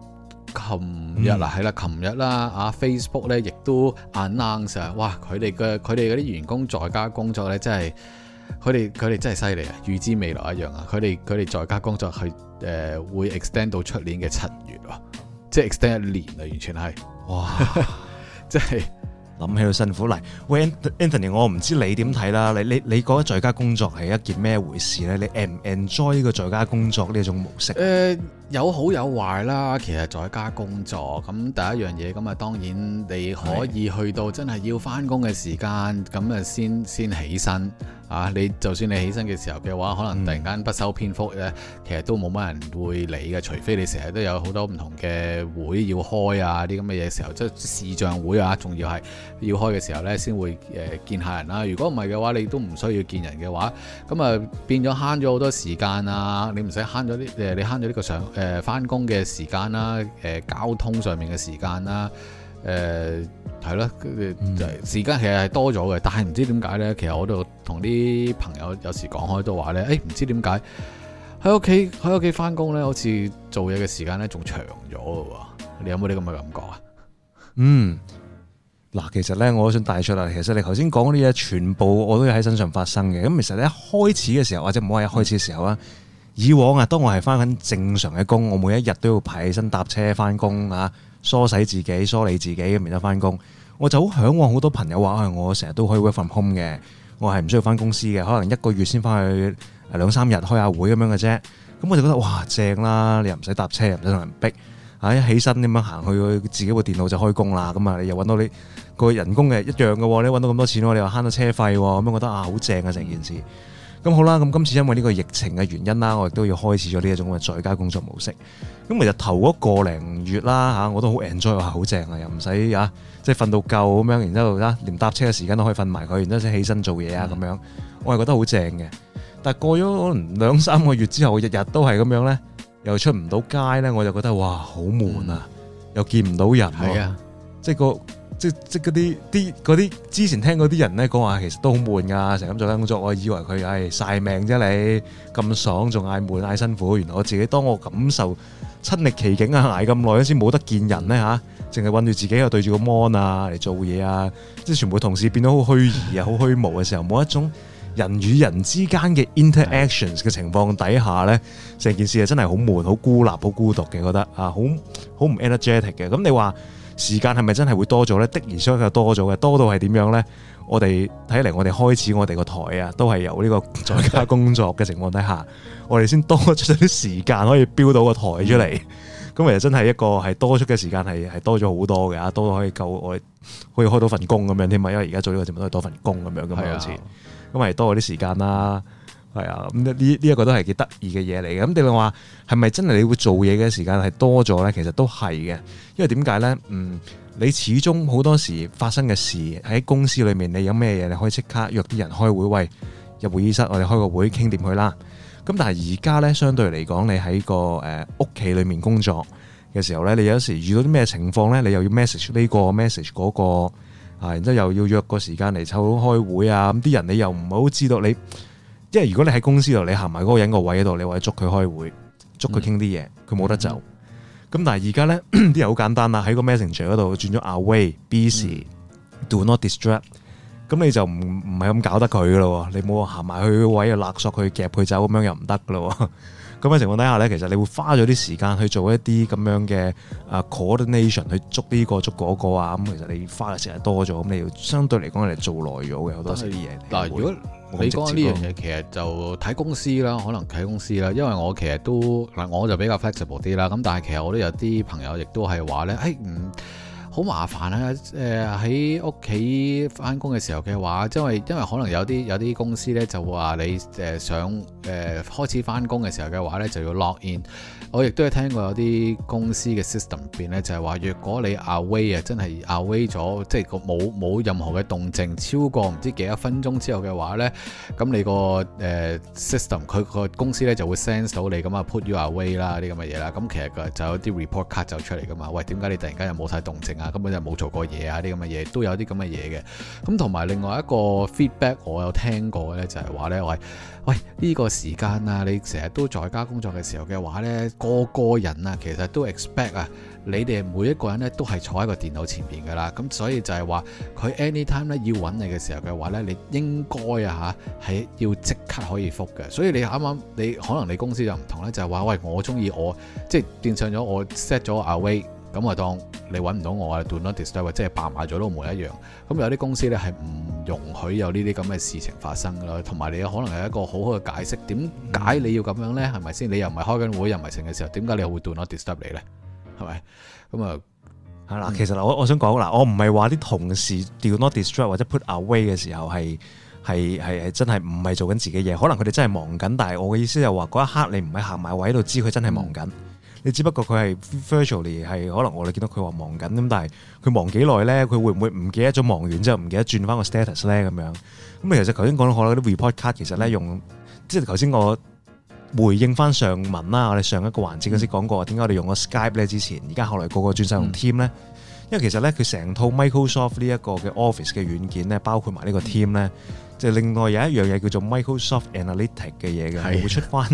啱，琴日啦，係啦，琴日啦啊，Facebook 咧亦都 a n n 啊，announce，哇！佢哋嘅佢哋嗰啲員工在家工作咧，真係佢哋佢哋真係犀利啊！預知未來一樣啊！佢哋佢哋在家工作係誒、呃、會 extend 到出年嘅七月喎、啊。即係 extend 一年啊，完全係，哇！即係諗起到辛苦嚟。喂，Anthony，我唔知道你點睇啦，你你你覺得在家工作係一件咩回事咧？你 en 唔 enjoy 呢個在家工作呢種模式？呃有好有壞啦，其實在家工作咁第一樣嘢咁啊，當然你可以去到真係要翻工嘅時間咁啊，先先起身啊！你就算你起身嘅時候嘅話，可能突然間不收篇幅咧，其實都冇乜人會理嘅，除非你成日都有好多唔同嘅會要開啊啲咁嘅嘢時候，即係視像會啊，仲要係要開嘅時候呢，先會誒、呃、見下人啦、啊。如果唔係嘅話，你都唔需要見人嘅話，咁啊變咗慳咗好多時間啊！你唔使慳咗啲你慳咗呢個上。誒、呃，翻工嘅時間啦，誒、呃，交通上面嘅時間啦，誒、呃，係咯、呃，時間其實係多咗嘅，嗯、但係唔知點解咧？其實我都同啲朋友有時講開都話咧，誒、欸，唔知點解喺屋企喺屋企翻工咧，好似做嘢嘅時間咧，仲長咗嘅喎。你有冇啲咁嘅感覺啊？嗯，嗱，其實咧，我都想帶出啦。其實你頭先講嗰啲嘢，全部我都要喺身上發生嘅。咁其實咧，一開始嘅時候，或者唔好話一開始嘅時候啦。以往啊，當我係翻緊正常嘅工，我每一日都要排起身搭車翻工啊，梳洗自己、梳理自己咁先得翻工。我就好嚮往好多朋友話，我成日都可以 work from home 嘅，我係唔需要翻公司嘅，可能一個月先翻去兩三日開下會咁樣嘅啫。咁我就覺得哇，正啦！你又唔使搭車，又唔使同人逼，一起身咁樣行去自己部電腦就開工啦。咁啊，你又揾到你個人工嘅一樣嘅喎，你揾到咁多錢，你又慳到車費咁樣，覺得啊好正啊成件事、啊。咁好啦，咁今次因為呢個疫情嘅原因啦，我亦都要開始咗呢一種嘅在家工作模式。咁其實頭嗰個零月啦嚇，我都好 enjoy 啊，好正啊，又唔使啊，即係瞓到夠咁樣，然之後啦，連搭車嘅時間都可以瞓埋佢，然之後先起身做嘢啊咁樣，我係覺得好正嘅。但係過咗可能兩三個月之後，我日日都係咁樣咧，又出唔到街咧，我就覺得哇，好悶啊、嗯，又見唔到人啊，即係個。即即嗰啲啲嗰啲之前聽嗰啲人咧講話，其實都好悶㗎，成日咁做緊工作，我以為佢係晒命啫，你咁爽仲嗌悶嗌辛苦，原來我自己當我感受親歷其境啊，捱咁耐先冇得見人咧吓，淨係韞住自己又對住個 mon 啊嚟做嘢啊，即係全部同事變到好虛擬啊、好虛無嘅時候，冇一種人與人之間嘅 interactions 嘅情況底下咧，成件事係真係好悶、好孤立、好孤獨嘅，覺得啊好好唔 energetic 嘅。咁你話？時間係咪真係會多咗咧？的而且確係多咗嘅，多到係點樣咧？我哋睇嚟，我哋開始我哋個台啊，都係由呢個在家工作嘅情況底下， 我哋先多出咗啲時間可以飆到個台出嚟。咁、嗯、其實真係一個係多出嘅時間係係多咗好多嘅，多到可以夠我可以開到份工咁樣添嘛。因為而家做呢個節目都係多份工咁樣咁、啊、樣似，咁係多咗啲時間啦。係、嗯、啊，咁呢呢一個都係幾得意嘅嘢嚟嘅。咁你話係咪真係你會做嘢嘅時間係多咗呢？其實都係嘅，因為點解呢？嗯，你始終好多時發生嘅事喺公司裏面，你有咩嘢，你可以即刻約啲人開會，喂入會議室，我哋開個會，傾掂佢啦。咁但係而家呢，相對嚟講，你喺個誒屋企裏面工作嘅時候呢，你有時遇到啲咩情況呢？你又要 message 呢、這個 message 嗰、那個啊，然之後又要約個時間嚟湊到開會啊，咁啲人你又唔好知道你。因為如果你喺公司度，你行埋嗰個人個位嗰度，你或者捉佢開會，捉佢傾啲嘢，佢、嗯、冇得走。咁、嗯、但係而家咧，啲人好簡單啦，喺個 Messenger 嗰度轉咗阿 way busy，do not distract。咁你就唔唔係咁搞得佢噶咯？你冇行埋去個位又勒索佢夾佢走，咁樣又唔得噶咯？咁嘅情況底下咧，其實你會花咗啲時間去做一啲咁樣嘅啊 coordination 去捉呢、這個捉嗰、那個啊。咁、嗯、其實你花嘅時間多咗，咁你要相對嚟講你做耐咗嘅好多啲嘢。但如果你講呢樣嘢其實就睇公司啦，可能睇公司啦，因為我其實都嗱，我就比較 flexible 啲啦。咁但係其實我都有啲朋友亦都係話呢，誒唔。嗯。好麻煩啊！誒喺屋企翻工嘅時候嘅話，因為因為可能有啲有啲公司咧就話你誒想誒開始翻工嘅時候嘅話咧就要 log in。我亦都聽過有啲公司嘅 system 入邊咧就係話，如果你 away 啊真係 away 咗，即係個冇冇任何嘅動靜超過唔知幾多分鐘之後嘅話咧，咁你個誒 system 佢個公司咧就會 sense 到你咁啊 put you away 啦啲咁嘅嘢啦。咁其實就有啲 report card 就出嚟噶嘛。喂，點解你突然間又冇晒動靜？啊，根本就冇做過嘢啊！啲咁嘅嘢都有啲咁嘅嘢嘅，咁同埋另外一個 feedback 我有聽過呢，就係話呢：「喂喂，呢個時間啊，你成日都在家工作嘅時候嘅話呢，個個人啊，其實都 expect 啊，你哋每一個人呢都係坐喺個電腦前面噶啦，咁所以就係話佢 anytime 呢要揾你嘅時候嘅話呢，你應該啊吓係要即刻可以覆嘅，所以你啱啱你可能你公司就唔同呢，就係話喂，我中意我即係變相咗我 set 咗個 away 咁啊，當你揾唔到我啊，斷 do not disturb，即係擺埋咗都冇一樣。咁有啲公司咧係唔容許有呢啲咁嘅事情發生噶啦。同埋你有可能係一個好好嘅解釋，點解你要咁樣咧？係咪先？你又唔係開緊會，又唔係成嘅時候，點解你又會斷 do not disturb 你咧？係咪？咁啊，嗱、嗯，其實我我想講嗱，我唔係話啲同事掉 do not disturb 或者 put away 嘅時候係係係係真係唔係做緊自己嘢，可能佢哋真係忙緊。但係我嘅意思就話、是、嗰一刻你唔喺行埋位度，我知佢真係忙緊。嗯你只不過佢係 virtually 係可能我哋見到佢話忙緊咁，但係佢忙幾耐咧？佢會唔會唔記得咗忙完之後唔記得轉翻個 status 咧？咁樣咁啊，其實頭先講到可能啲 report card 其實咧，用即係頭先我回應翻上文啦，我哋上一個環節嗰時講過點解我哋用個 Skype 咧之前，而家後來個個轉晒用 Team 咧，因為其實咧佢成套 Microsoft 呢一個嘅 Office 嘅軟件咧，包括埋呢個 Team 咧，就另外有一樣嘢叫做 Microsoft Analytic 嘅嘢嘅，會出翻。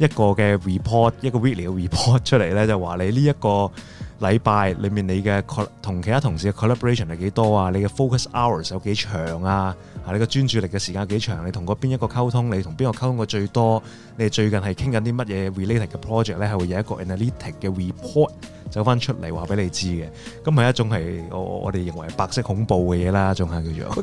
一個嘅 report，一個 weekly 嘅 report 出嚟咧，就話你呢一個禮拜裏面你嘅同其他同事嘅 collaboration 係幾多啊？你嘅 focus hours 有幾長啊？啊，你嘅專注力嘅時間幾長？你同嗰邊一個溝通？你同邊個溝通過最多？你最近係傾緊啲乜嘢 related 嘅 project 咧？係會有一個 analytic 嘅 report 走翻出嚟話俾你知嘅。咁係一種係我我哋認為白色恐怖嘅嘢啦，仲係叫做。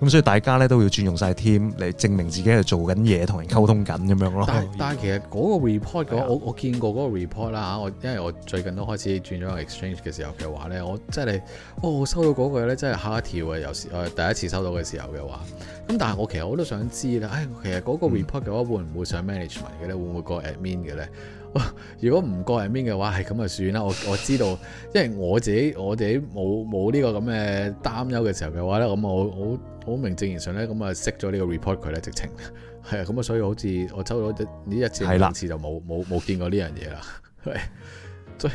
咁所以大家咧都要轉用晒 team 嚟證明自己係做緊嘢同人溝通緊咁樣咯。但但係其實嗰個 report 嘅我我我見過嗰個 report 啦嚇，我因為我最近都開始轉咗 exchange 嘅時候嘅話咧，我真係哦我收到嗰個咧真係嚇一跳啊！有時我第一次收到嘅時候嘅話，咁但係我其實我都想知咧，唉、哎、其實嗰個 report 嘅話會唔會上 management 嘅咧、嗯，會唔會個 admin 嘅咧？ 如果唔覺係邊嘅話，係咁啊算啦。我我知道，因為我自己我哋冇冇呢個咁嘅擔憂嘅時候嘅話咧，咁我好好明正言順咧，咁啊，熄咗呢個 report 佢咧，直情係啊。咁啊，所以好似我抽到呢一次兩次就冇冇冇見過呢樣嘢啦。對，對，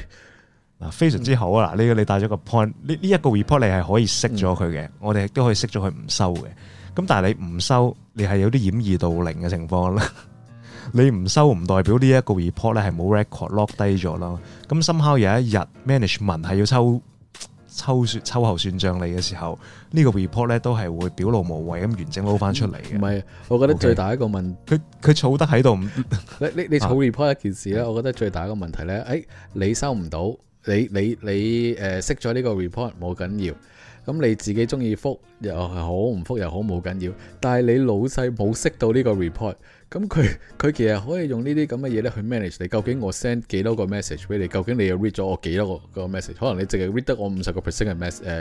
嗱，非常之好啊！嗱、嗯，呢個你帶咗個 point，呢呢一個 report 你係可以熄咗佢嘅，我哋都可以熄咗佢唔收嘅。咁但係你唔收，你係有啲掩耳盜鈴嘅情況啦。你唔收唔代表呢一個 report 咧係冇 record lock 低咗咯。咁深秋有一日 management 係要抽抽算秋後算賬你嘅時候，呢、這個 report 咧都係會表露無遺咁完整撈翻出嚟嘅。唔係，我覺得最大一個問題，佢佢儲得喺度。你你你儲 report 一件事咧，啊，我覺得最大一個問題咧，誒、哎，你收唔到，你你你誒，識咗呢個 report 冇緊要，咁你自己中意復又係好唔復又好冇緊要，但係你老細冇識到呢個 report。咁佢佢其實可以用呢啲咁嘅嘢咧去 manage 你，究竟我 send 幾多個 message 俾你，究竟你又 read 咗我幾多個個 message？可能你淨係 read 得我五十個 percent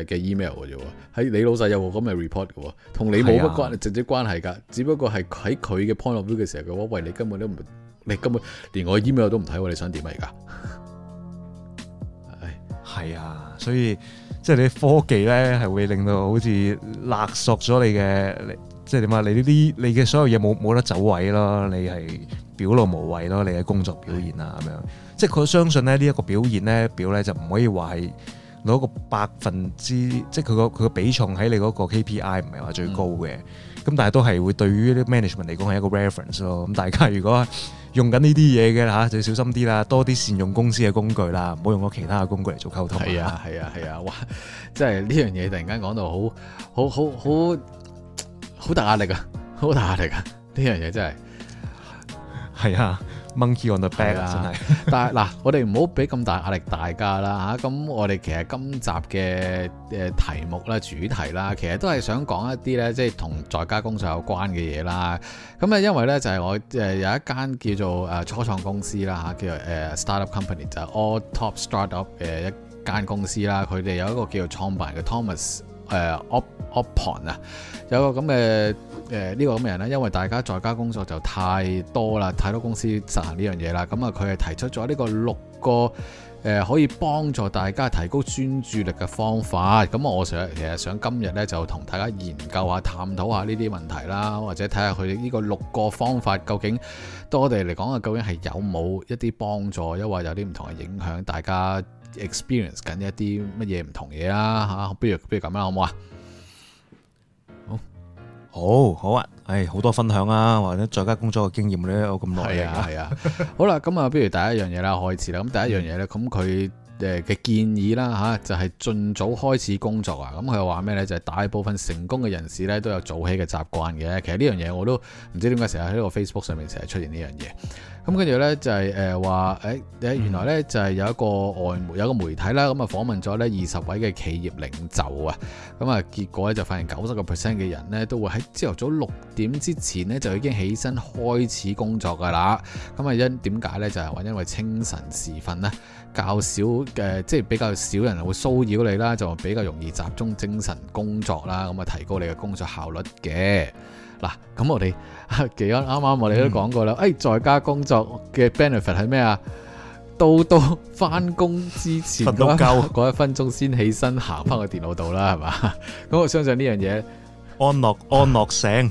嘅 email 嘅啫，喺你老細有咁嘅 report 嘅，同你冇乜關係，啊、直接關係噶，只不過係喺佢嘅 point of view 嘅時候嘅話，喂你根本都唔，你根本連我 email 都唔睇，你想點啊而家？係係啊，所以即係、就是、你科技咧係會令到好似勒索咗你嘅。即係點啊？你呢啲你嘅所有嘢冇冇得走位咯？你係表露無遺咯？你嘅工作表現啊咁樣，即係佢相信咧呢一個表現咧表咧就唔可以話係攞個百分之，即係佢個佢個比重喺你嗰個 KPI 唔係話最高嘅，咁、嗯、但係都係會對於啲 management 嚟講係一個 reference 咯。咁大家如果用緊呢啲嘢嘅吓就要小心啲啦，多啲善用公司嘅工具啦，唔好用個其他嘅工具嚟做溝通係、啊。係啊係啊係啊！哇，即係呢樣嘢突然間講到好好好好～好大壓力啊！好大壓力啊！呢樣嘢真係係啊，monkey on the back 啦，真係、啊。但係嗱， 我哋唔好俾咁大壓力大家啦嚇。咁我哋其實今集嘅誒題目啦、主題啦，其實都係想講一啲咧，即係同在家工作有關嘅嘢啦。咁咧，因為咧就係我誒有一間叫做誒初創公司啦嚇，叫做誒 startup company 就係 all top startup 嘅一間公司啦。佢哋有一個叫做創辦人嘅 Thomas。誒 op o p o 啊，有、呃這個咁嘅誒呢個咁嘅人咧，因為大家在家工作就太多啦，太多公司實行呢樣嘢啦，咁啊佢係提出咗呢個六個誒、呃、可以幫助大家提高專注力嘅方法。咁、嗯嗯、我想其實想今日呢，就同大家研究下、探討下呢啲問題啦，或者睇下佢呢個六個方法究竟對我哋嚟講啊，究竟係有冇一啲幫助，抑或者有啲唔同嘅影響，大家？experience 緊一啲乜嘢唔同嘢啦，嚇，不如不如咁啦，好唔好啊？好，好，好啊！唉，好多分享啊，或者在家工作嘅經驗咧，有咁耐嘅。係啊，係啊。 好啦，咁啊，不如第一樣嘢啦，開始啦。咁第一樣嘢咧，咁佢。嘅嘅建議啦嚇，就係盡早開始工作啊！咁佢又話咩呢？就係大部分成功嘅人士呢，都有早起嘅習慣嘅。其實呢樣嘢我都唔知點解成日喺呢個 Facebook 上面成日出現呢樣嘢。咁跟住呢，就係誒話誒原來呢，就係有一個外媒，有一個媒體啦，咁啊訪問咗呢二十位嘅企業領袖啊，咁啊結果咧就發現九十個 percent 嘅人呢，都會喺朝頭早六點之前呢，就已經起身開始工作噶啦。咁啊因點解呢？就係話因為清晨時分呢。較少嘅、呃，即係比較少人會騷擾你啦，就比較容易集中精神工作啦，咁啊提高你嘅工作效率嘅。嗱、啊，咁我哋幾安啱啱我哋都講過啦，誒、嗯哎，在家工作嘅 benefit 係咩啊？到到翻工之前瞓到夠嗰一分鐘先起身行翻個電腦度啦，係嘛？咁我相信呢樣嘢安樂安樂醒、啊，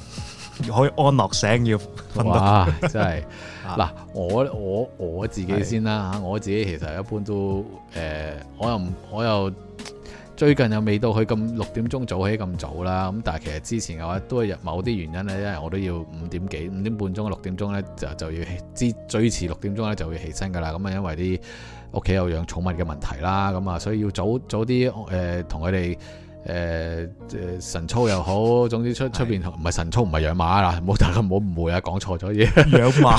可以安樂醒要，哇，真係。 嗱，我我我自己先啦嚇，我自己其實一般都誒、呃，我又我又最近又未到佢咁六點鐘早起咁早啦，咁但係其實之前嘅話都係有某啲原因咧，因為我都要五點幾五點半鐘六點鐘咧就就要起之，最遲六點鐘咧就要起身㗎啦，咁啊因為啲屋企有養寵物嘅問題啦，咁啊所以要早早啲誒同佢哋。呃誒、呃，神操又好，總之出出邊唔係神操，唔係養馬啦，好大家唔好誤會啊，講錯咗嘢。養馬，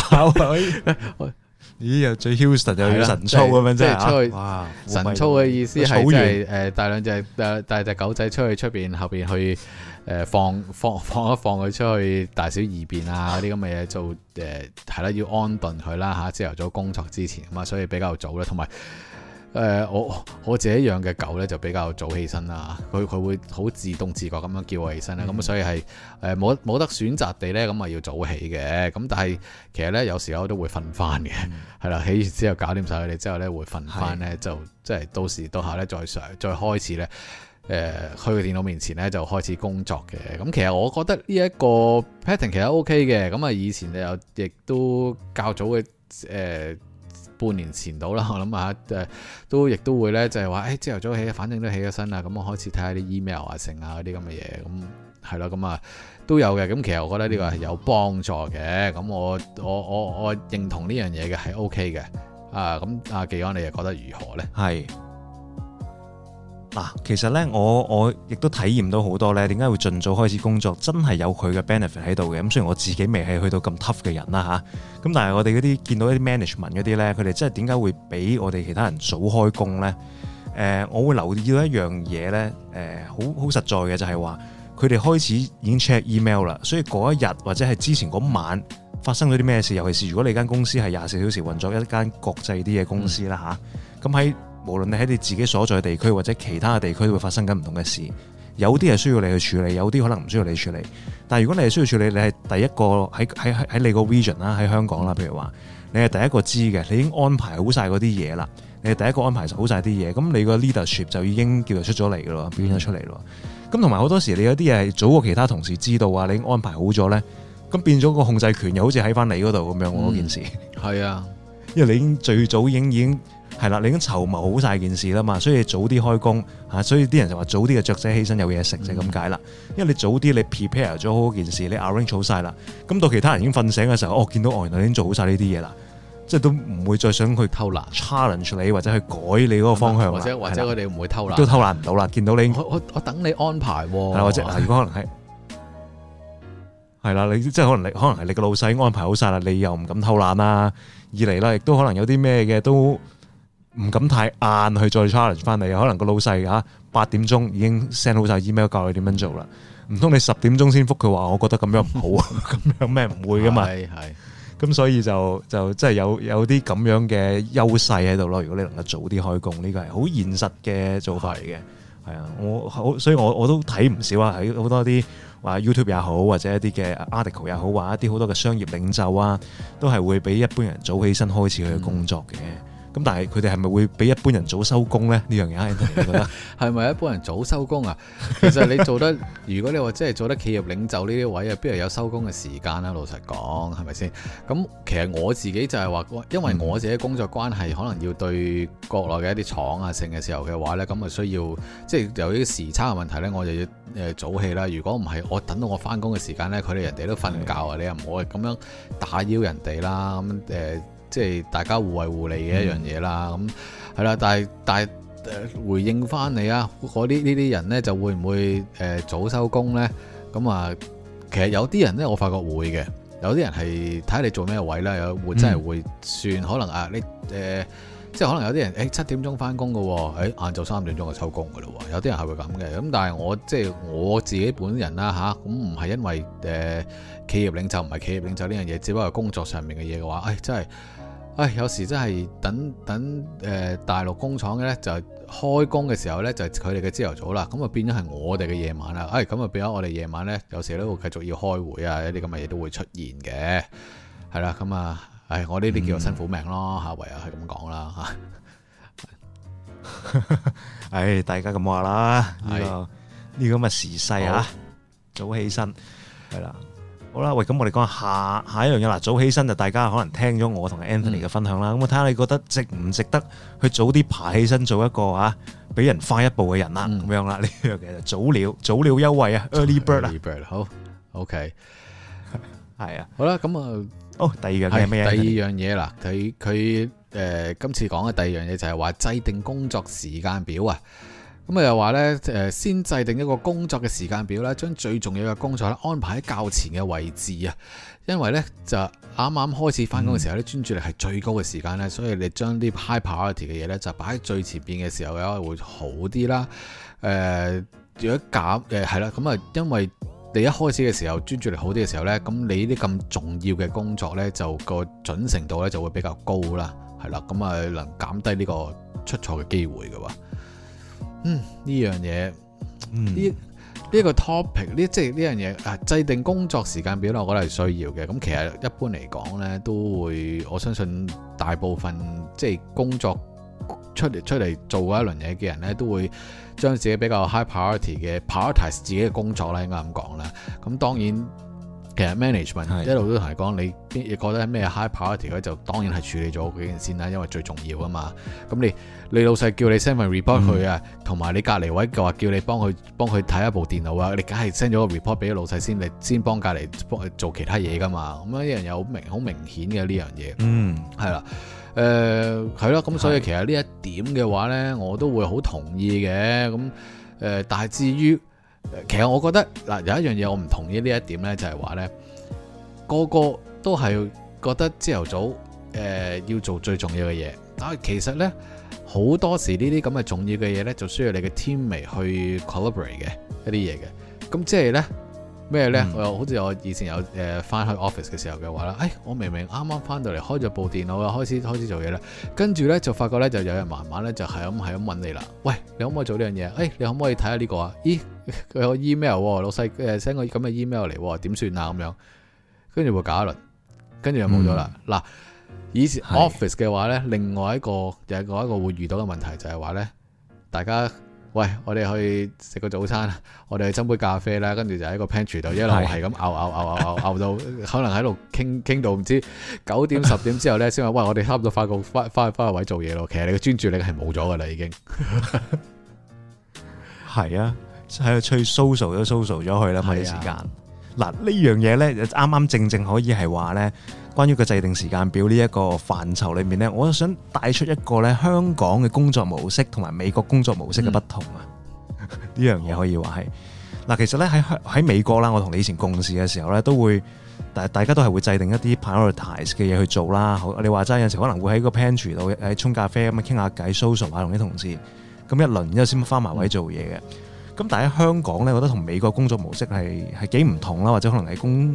咦？又最 Houston，又去神操咁樣，即係出去神操嘅意思係好似誒，帶兩隻帶帶隻狗仔出去出邊後邊去誒、呃，放放放一放佢出去大小二便啊，嗰啲咁嘅嘢做誒，係、呃、啦，要安頓佢啦吓，朝、啊、頭早工作之前，咁啊，所以比較早啦同埋。誒、呃、我我自己養嘅狗呢，就比較早起身啦，佢佢會好自動自覺咁樣叫我起身啦，咁、嗯、所以係冇冇得選擇地呢，咁啊要早起嘅，咁但係其實呢，有時候都會瞓翻嘅，係、嗯、啦，起完之後搞掂晒佢哋之後呢，會瞓翻呢。就即、是、係到時到下呢，再上再開始呢。去、呃、去電腦面前呢，就開始工作嘅，咁、嗯、其實我覺得呢一個 pattern 其實 OK 嘅，咁、嗯、啊以前又亦都較早嘅誒。呃半年前到啦，我諗下誒都亦都會咧，就係話誒朝頭早起，反正都起咗身啦，咁、嗯、我開始睇下啲 email 啊、剩、嗯、啊嗰啲咁嘅嘢，咁係咯，咁啊都有嘅。咁、嗯、其實我覺得呢個係有幫助嘅，咁、嗯、我我我我認同呢樣嘢嘅係 OK 嘅啊。咁阿記安，啊、你又覺得如何咧？係。嗱，其實咧，我我亦都體驗到好多咧。點解會盡早開始工作？真係有佢嘅 benefit 喺度嘅。咁雖然我自己未係去到咁 tough 嘅人啦吓，咁但係我哋嗰啲見到一啲 management 嗰啲咧，佢哋真係點解會俾我哋其他人早開工咧？誒、呃，我會留意到一樣嘢咧，誒、呃，好好實在嘅就係、是、話，佢哋開始已經 check email 啦。所以嗰一日或者係之前嗰晚發生咗啲咩事？尤其是如果你間公司係廿四小時運作，一間國際啲嘅公司啦嚇，咁、嗯、喺。啊無論你喺你自己所在地區或者其他地區，會發生緊唔同嘅事，有啲係需要你去處理，有啲可能唔需要你處理。但係如果你係需要處理，你係第一個喺喺喺你個 region 啦，喺香港啦，譬如話你係第一個知嘅，你已經安排好晒嗰啲嘢啦，你係第一個安排好晒啲嘢，咁你個 leadership 就已經叫做出咗嚟嘅咯，變咗出嚟咯。咁同埋好多時你有啲嘢係早過其他同事知道啊，你已經安排好咗咧，咁變咗個控制權又好似喺翻你嗰度咁樣喎。嗰、嗯、件事係啊，因為你已經最早已經已經。係啦，你已經籌謀好晒件事啦嘛，所以你早啲開工吓，所以啲人就話早啲嘅雀仔起身有嘢食就咁解啦。嗯、因為你早啲你 prepare 咗好件事，你 arrange 好晒啦。咁到其他人已經瞓醒嘅時候，我、哦、見到我原來已經做好晒呢啲嘢啦，即係都唔會再想去偷懶 challenge 你或者去改你嗰個方向或者或者佢哋唔會偷懶，都偷懶唔到啦。見到你，我，我，我等你安排喎、啊。或者如果可能係係啦，你即係可能你可能係你個老細安排好晒啦，你又唔敢偷懶啦。二嚟啦，亦都可能有啲咩嘅都。唔敢太晏去再 challenge 翻嚟，可能個老細嚇八點鐘已經 send 好晒 email 教你點樣做啦。唔通你十點鐘先覆佢話？我覺得咁樣唔好，咁 樣咩唔會噶嘛？係係。咁 所以就就即係有有啲咁樣嘅優勢喺度咯。如果你能夠早啲開工，呢個係好現實嘅做法嚟嘅。係 啊，我所以我我都睇唔少啊。喺好多啲話 YouTube 也好，或者一啲嘅 article 也好，話一啲好多嘅商業領袖啊，都係會比一般人早起身開始去工作嘅。嗯咁但係佢哋係咪會比一般人早收工呢？呢樣嘢係咪一般人早收工啊？ 其實你做得，如果你話真係做得企業領袖呢啲位啊，邊有收工嘅時間啦。老實講，係咪先？咁其實我自己就係話，因為我自己工作關係，可能要對國內嘅一啲廠啊成嘅時候嘅話呢，咁啊需要即係由於時差嘅問題呢，我就要誒早起啦。如果唔係，我等到我翻工嘅時間呢，佢哋人哋都瞓覺啊，你又唔好咁樣打擾人哋啦。咁誒即係大家互惠互利嘅一樣嘢啦，咁係啦，但係但係誒回應翻你啊，嗰啲呢啲人呢，就會唔會誒早收工呢？咁啊，其實有啲人呢，我發覺會嘅，有啲人係睇下你做咩位啦，有會真係會算、嗯、可能啊，你誒、呃、即係可能有啲人誒七、哎、點鐘翻工嘅喎，誒晏晝三點鐘就收工㗎咯喎，有啲人係會咁嘅，咁但係我即係我自己本人啦吓，咁唔係因為誒、呃、企業領袖唔係企業領袖呢樣嘢，只不過工作上面嘅嘢嘅話，誒、哎、真係。哎、有時真係等等，誒、呃，大陸工廠咧就開工嘅時候咧就係佢哋嘅朝頭早啦，咁啊變咗係我哋嘅夜晚啦、嗯，哎，咁啊變咗我哋夜晚咧，有時都會繼續要開會啊，一啲咁嘅嘢都會出現嘅，係啦，咁、嗯、啊、嗯，哎，我呢啲叫做辛苦命咯，吓，唯有係咁講啦，吓， 哎，大家咁話啦，呢、這個呢個咁嘅時勢啊，早起身，係啦。好啦，喂，咁、嗯嗯、我哋講下下一樣嘢啦。早起身就大家可能聽咗我同 Anthony 嘅分享啦。咁我睇下你覺得值唔值得去早啲爬起身做一個啊，俾人快一步嘅人啦、啊，咁、嗯、樣啦。呢樣其實早了，早了優惠啊，優惠啊，early bird 啊，early bird 好，OK，係啊。好啦，咁啊，哦，第二樣嘢咩？第二樣嘢啦，佢佢誒，今次講嘅第二樣嘢就係話制定工作時間表啊。咁啊，又話咧，誒，先制定一個工作嘅時間表咧，將最重要嘅工作咧安排喺較前嘅位置啊。因為咧就啱啱開始返工嘅時候咧，專、嗯、注力係最高嘅時間咧，所以你將啲 high priority 嘅嘢咧就擺喺最前面嘅時候咧，會好啲啦。誒、呃，如果減誒係啦，咁、呃、啊，因為你一開始嘅時候專注力好啲嘅時候咧，咁你呢啲咁重要嘅工作咧，就個準程度咧就會比較高啦，係啦，咁啊，能減低呢個出錯嘅機會嘅喎。嗯，呢樣嘢，呢、嗯、呢、呢個 topic，呢即係呢樣嘢啊，制定工作時間表，我覺得係需要嘅。咁其實一般嚟講呢都會我相信大部分即係工作出嚟出嚟做嗰一輪嘢嘅人呢都會將自己比較 high priority 嘅 prioritize 自己嘅工作咧，應該咁講啦。咁當然。其實 management 一路都同你講，你亦覺得咩 high priority 咧，就當然係處理咗嗰件先啦，因為最重要啊嘛。咁你你老細叫你 send 份 report 佢啊，同、嗯、埋你隔離位嘅話叫你幫佢幫佢睇一部電腦啊，你梗係 send 咗個 report 俾老細先，你先幫隔離幫佢做其他嘢噶嘛。咁樣一樣有好明好明顯嘅呢樣嘢。嗯，係啦，誒係咯，咁所以其實呢一點嘅話咧，我都會好同意嘅。咁誒，但係至於，其實我覺得嗱，有一樣嘢我唔同意呢一點咧，就係話咧，個個都係覺得朝頭早誒、呃、要做最重要嘅嘢，但係其實咧好多時呢啲咁嘅重要嘅嘢咧，就需要你嘅 teamwork 去 collaborate 嘅一啲嘢嘅，咁即係咧。咩咧、嗯？我又好似我以前有誒翻去 office 嘅時候嘅話啦，誒我明明啱啱翻到嚟開咗部電腦又開始開始做嘢咧，跟住咧就發覺咧就有人慢慢咧就係咁係咁揾你啦。喂，你可唔可以做呢樣嘢？誒、哎，你可唔可以睇下呢個啊？咦，佢有 email 老細誒 send 個咁嘅 email 嚟喎，點算啊？咁樣，跟住會搞一輪，跟住又冇咗啦。嗱、嗯，以前 office 嘅話咧，另外一個又係一個會遇到嘅問題就係話咧，大家。喂，我哋去食個早餐，我哋去斟杯咖啡啦，跟住就喺個 pantry 度一路係咁拗拗拗拗拗，拗到可能喺度傾傾到唔知九點十點之後咧，先話喂，我哋差唔多翻工，翻翻翻個位做嘢咯。其實你嘅專注力係冇咗噶啦，已經係啊，喺度吹 social 都 social 咗去啦，冇啲時間。嗱，呢樣嘢咧，就啱啱正正可以係話咧。關於個制定時間表呢一個範疇裏面呢，我都想帶出一個呢香港嘅工作模式同埋美國工作模式嘅不同啊！呢、嗯、樣嘢可以話係嗱，其實呢喺喺美國啦，我同你以前共事嘅時候呢，都會大大家都係會制定一啲 prioritize 嘅嘢去做啦。你話齋有陣時可能會喺個 pantry 度喺沖咖啡咁傾下偈，social 下同啲同事咁一輪，之後先翻埋位做嘢嘅。咁但係香港呢，我覺得同美國工作模式係係幾唔同啦，或者可能係工。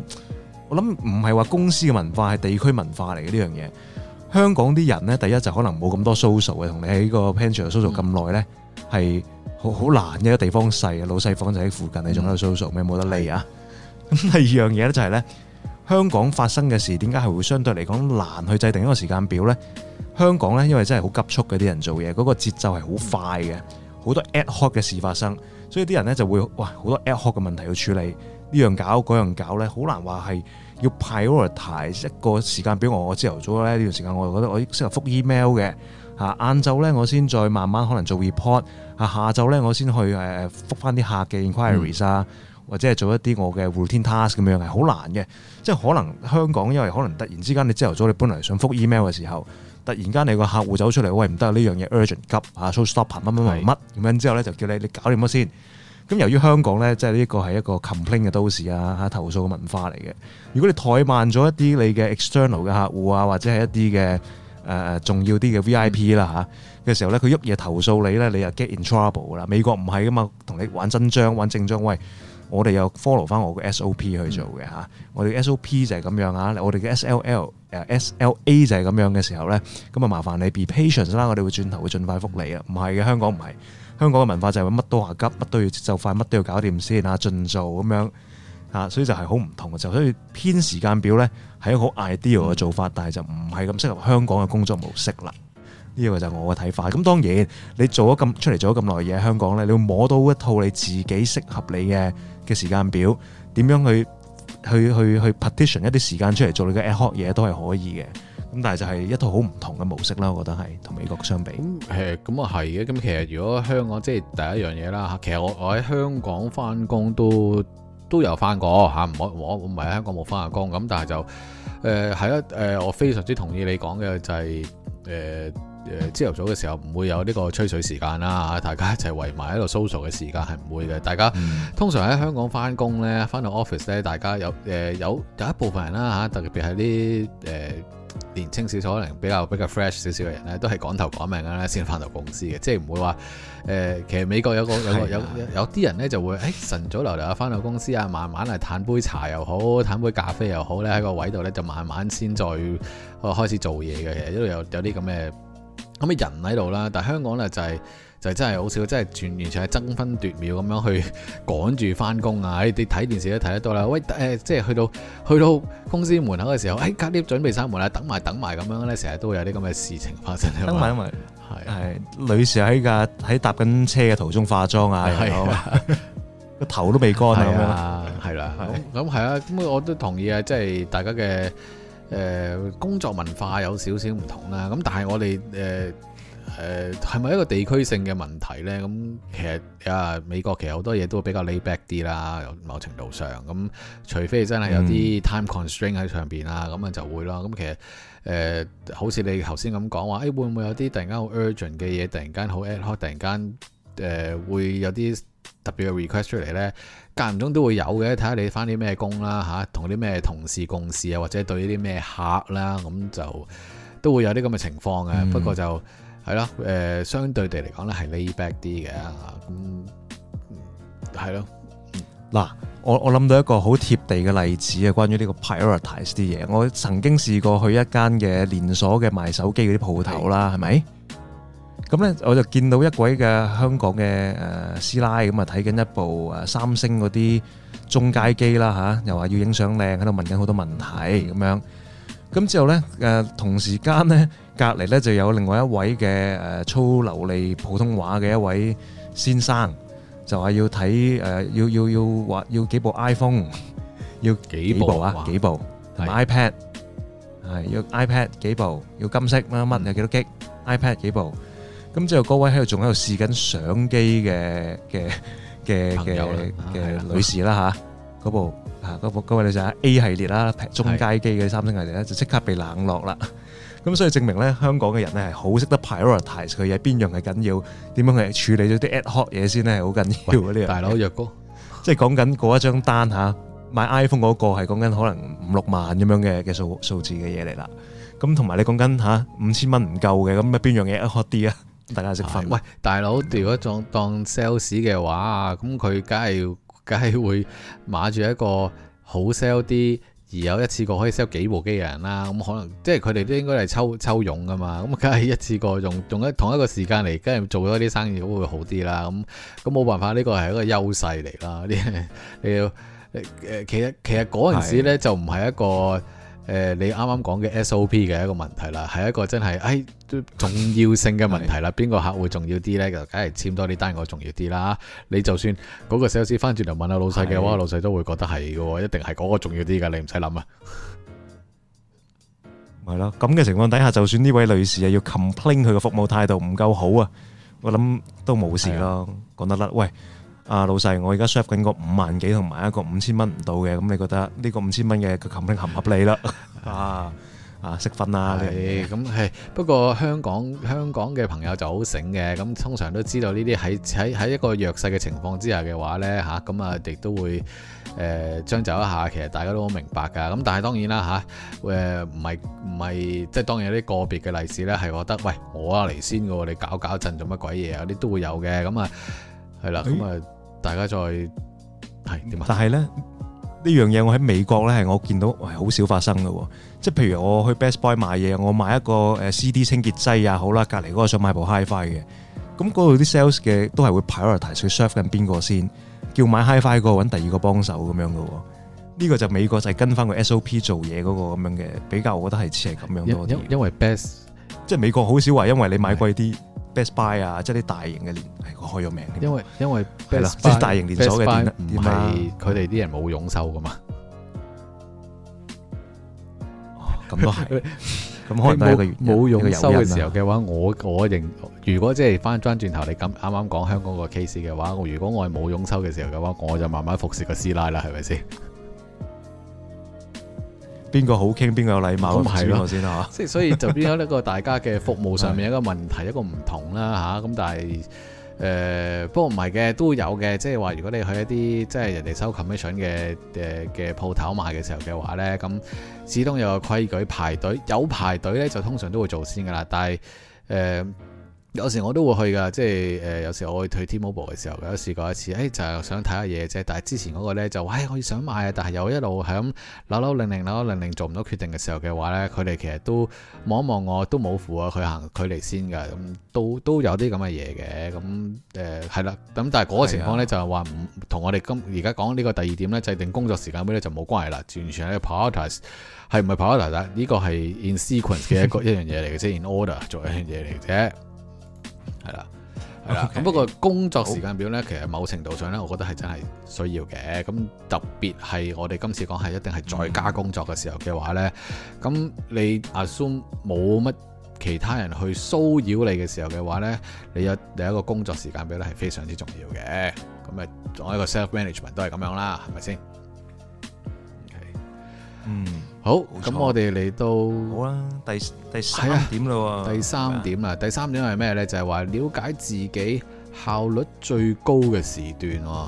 我諗唔係話公司嘅文化，係地區文化嚟嘅呢樣嘢，香港啲人呢，第一就可能冇咁多 social 嘅，同你喺個 pension social 咁耐呢，係好好難嘅一個地方細啊，老細房就喺附近，你仲喺度 social，你冇得理啊。咁、嗯、第二樣嘢呢、就是，就係呢香港發生嘅事點解係會相對嚟講難去制定一個時間表呢？香港呢，因為真係好急促嘅啲人做嘢，嗰、那個節奏係好快嘅，好、嗯、多 ad hoc 嘅事發生，所以啲人呢就會哇好多 ad hoc 嘅問題要處理。呢樣搞嗰樣搞咧，好難話係要 prioritize 一個時間畀我。我我朝頭早咧呢段時間，我就覺得我適合復 email 嘅。嚇，晏晝咧我先再慢慢可能做 report。嚇，下晝咧我先去誒復翻啲客嘅 inquiries 啊、嗯，或者係做一啲我嘅 routine task 咁樣係好難嘅。即係可能香港因為可能突然之間你朝頭早你本嚟想復 email 嘅時候，突然間你個客戶走出嚟，喂唔得呢樣嘢 urgent 急啊，so stop 乜乜乜乜咁樣之後咧就叫你你搞掂咗先。咁由於香港咧，即係呢個係一個 complain 嘅都市啊，嚇投訴嘅文化嚟嘅。如果你怠慢咗一啲你嘅 external 嘅客戶啊，或者係一啲嘅、呃、重要啲嘅 VIP 啦嚇嘅、啊、時候咧，佢喐嘢投訴你咧，你又 get in trouble 啦。美國唔係噶嘛，同你玩真章玩正章，喂，我哋有 follow 翻我個 SOP 去做嘅嚇、啊，我哋 SOP 就係咁樣啊，我哋嘅 SLL SLA 就係咁樣嘅時候咧，咁啊麻煩你 be patient 啦，我哋會轉頭會,會盡快覆你啊，唔係嘅香港唔係。香港嘅文化就係乜都話急，乜都要就快，乜都要搞掂先啊，盡速咁樣啊，所以就係好唔同嘅，就所以編時間表咧係一個好 ideal 嘅做法，嗯、但係就唔係咁適合香港嘅工作模式啦。呢個就係我嘅睇法。咁當然，你做咗咁出嚟做咗咁耐嘢香港呢，你會摸到一套你自己適合你嘅嘅時間表，點樣去去去去 partition 一啲時間出嚟做你嘅 echo 嘢都係可以嘅。咁但係就係一套好唔同嘅模式啦，我覺得係同美國相比咁，誒，咁啊係嘅。咁其實如果香港即係第一樣嘢啦嚇，其實我我喺香港翻工都都有翻過嚇，唔可我唔係香港冇翻下工咁，但係就誒係一誒，我非常之同意你講嘅就係誒誒，朝、呃、頭早嘅時候唔會有呢個吹水時間啦嚇，大家一齊圍埋喺度 search 嘅時間係唔會嘅。大家、嗯、通常喺香港翻工咧，翻到 office 咧，大家有誒有有，有一部分人啦嚇，特別係啲誒。呃年青少少可能比較比較 fresh 少少嘅人咧，都係趕頭趕命㗎啦，先翻到公司嘅，即係唔會話誒、呃。其實美國有個有個有有啲人咧就會誒、欸、晨早流流翻到公司啊，慢慢嚟嘆杯茶又好，嘆杯咖啡又好咧，喺個位度咧就慢慢先再開始做嘢嘅。其實依度有有啲咁嘅咁嘅人喺度啦，但係香港咧就係、是。就真係好少，真係全完全係爭分奪秒咁樣去趕住返工啊！你睇電視都睇得多啦。喂，誒、呃，即係去到去到公司門口嘅時候，哎，快啲準備閂門啦，等埋等埋咁樣咧，成日都會有啲咁嘅事情發生。等埋等埋，係係、啊啊、女士喺架喺搭緊車嘅途中化妝啊，個、啊啊、 頭都未乾啊，係啦，咁咁係啊，咁、啊啊啊啊啊啊啊啊啊、我都同意啊，即係大家嘅誒、呃、工作文化有少少唔同啦，咁但係我哋誒。呃誒係咪一個地區性嘅問題呢？咁其實啊，美國其實好多嘢都會比較 layback 啲啦，某程度上咁，除非真係有啲 time constraint 喺上邊啊，咁、嗯、啊就會咯。咁其實誒、呃，好似你頭先咁講話，誒、哎、會唔會有啲突然間好 urgent 嘅嘢，突然間好 ad hoc 突然間誒、呃、會有啲特別嘅 request 出嚟呢？間唔中都會有嘅，睇下你返啲咩工啦嚇，同啲咩同事、共事啊，或者對啲咩客啦，咁就都會有啲咁嘅情況嘅、嗯。不過就～係咯，誒、呃，相對地嚟講咧，係 lay back 啲嘅，咁、嗯，係咯。嗱、嗯，我我諗到一個好貼地嘅例子啊，關於呢個 prioritize 啲嘢。我曾經試過去一間嘅連鎖嘅賣手機嗰啲鋪頭啦，係咪？咁咧，我就見到一位嘅香港嘅誒師奶咁啊，睇緊一部誒三星嗰啲中階機啦嚇、啊，又話要影相靚，喺度問緊好多問題咁樣。咁之後咧，誒、啊、同時間咧。隔籬咧就有另外一位嘅誒操流利普通話嘅一位先生，就話要睇誒要要要話要幾部 iPhone，要幾部啊？幾部同埋 iPad，係要 iPad 幾部？要金色乜乜有幾多 GiPad 幾部？咁之後，嗰位喺度仲喺度試緊相機嘅嘅嘅嘅嘅女士啦吓，嗰部啊嗰部嗰位女士 A 系列啦，中階機嘅三星系列咧，就即刻被冷落啦。咁所以證明咧，香港嘅人咧係好識得 prioritize 佢嘢，邊樣係緊要，點樣去處理咗啲 ad hoc 嘢先咧係好緊要呢啲。大佬若果，即係講緊過一張單嚇，買 iPhone 嗰個係講緊可能五六萬咁樣嘅嘅數數字嘅嘢嚟啦。咁同埋你講緊嚇五千蚊唔夠嘅，咁邊樣嘢 ad hoc 啲啊？大家識分。喂，大佬，啊，如果當當 sales 嘅話，咁佢梗係梗係會馬住一個好 sell 啲。而有一次過可以 sell 幾部機嘅人啦，咁可能即係佢哋都應該係抽抽傭㗎嘛，咁梗係一次過用用一同一個時間嚟，梗係做多啲生意會好啲啦。咁咁冇辦法，呢個係一個優勢嚟啦。你要誒，其實其實嗰陣時呢就唔係一個。誒，你啱啱講嘅 SOP 嘅一個問題啦，係一個真係誒重要性嘅問題啦。邊個客戶重要啲呢？就梗係簽多啲單，我重要啲啦。嚇，你就算嗰個 sales 翻轉頭問下老細嘅話，老細都會覺得係嘅喎，一定係嗰個重要啲嘅，你唔使諗啊。係咯，咁嘅情況底下，就算呢位女士又要 complain 佢嘅服務態度唔夠好啊，我諗都冇事咯，講得甩。喂！啊，老細，我而家 share 緊個五萬幾同埋一個五千蚊唔到嘅，咁你覺得呢個五千蚊嘅佢冚平合唔合理啦？啊啊，識分啊，你咁係不過香港香港嘅朋友就好醒嘅，咁通常都知道呢啲喺喺喺一個弱勢嘅情況之下嘅話咧嚇，咁啊，哋亦都會誒將就一下。其實大家都好明白㗎，咁但係當然啦嚇誒，唔係唔係即係當然有啲個別嘅例子咧，係覺得喂我啊嚟先嘅喎，你搞搞震做乜鬼嘢啊？啲都會有嘅，咁啊係啦，咁啊。大家再係點？但係咧呢樣嘢，我喺美國咧，係我見到係好少發生嘅。即係譬如我去 Best Buy 買嘢，我買一個誒 CD 清潔劑啊，好啦，隔籬嗰個想買部 Hi-Fi 嘅，咁嗰度啲 sales 嘅都係會 prioritize 去 serve 緊邊個先，叫買 Hi-Fi 個搵第二個幫手咁樣嘅。呢個就美國就係跟翻個 SOP 做嘢嗰個咁樣嘅，比較我覺得係似係咁樣多啲。因為因為 Best 即係美國好少話，因為你買貴啲。Best Buy 啊，即係啲大型嘅連，係、哎、開咗名。嘅。因為因為係啦，即係大型連鎖嘅店，唔係佢哋啲人冇傭收噶嘛。咁都係，咁開到一個月冇傭收嘅時候嘅話，啊、我我認，如果即係翻轉頭，你咁啱啱講香港個 case 嘅話，我如果我係冇傭收嘅時候嘅話，我就慢慢服侍個師奶啦，係咪先？邊個好傾，邊個有禮貌咁先咯？即係所以就變咗一個大家嘅服務上面一個問題，一個唔同啦吓，咁 但係誒、呃，不過唔係嘅都有嘅，即係話如果你去一啲即係人哋收 commission 嘅嘅鋪頭買嘅時候嘅話呢，咁始終有個規矩，排隊有排隊呢，就通常都會先做先噶啦。但係誒。呃有時我都會去㗎，即係誒、呃、有時我會去退 T-Mobile 嘅時候，有都試過一次，誒、哎、就係、是、想睇下嘢啫。但係之前嗰個咧就，喂、哎，我想買啊，但係又一路係咁扭扭擰擰扭擰擰，做唔到決定嘅時候嘅話咧，佢哋其實都望一望我都冇扶啊，佢行佢嚟先㗎，咁都都有啲咁嘅嘢嘅，咁誒係啦。咁、嗯、但係嗰個情況咧就係話，唔同我哋今而家講呢個第二點咧，制定工作時間表咧就冇關係啦，完全係 priority 係唔係 priority 啦？呢、這個係 in sequence 嘅 一個一樣嘢嚟嘅啫，in order 做一樣嘢嚟嘅啫。係啦，係啦。咁、okay. 不過工作時間表呢，其實某程度上呢我覺得係真係需要嘅。咁特別係我哋今次講係一定係在家工作嘅時候嘅話呢，咁你 assume 冇乜其他人去騷擾你嘅時候嘅話呢，你有第一個工作時間表呢係非常之重要嘅。咁啊，仲有一個 self-management 都係咁樣啦，係咪先？嗯，好，咁我哋嚟到好啦，第第三點啦，第三點啦，第三點係咩呢？就係、是、話了解自己效率最高嘅時段。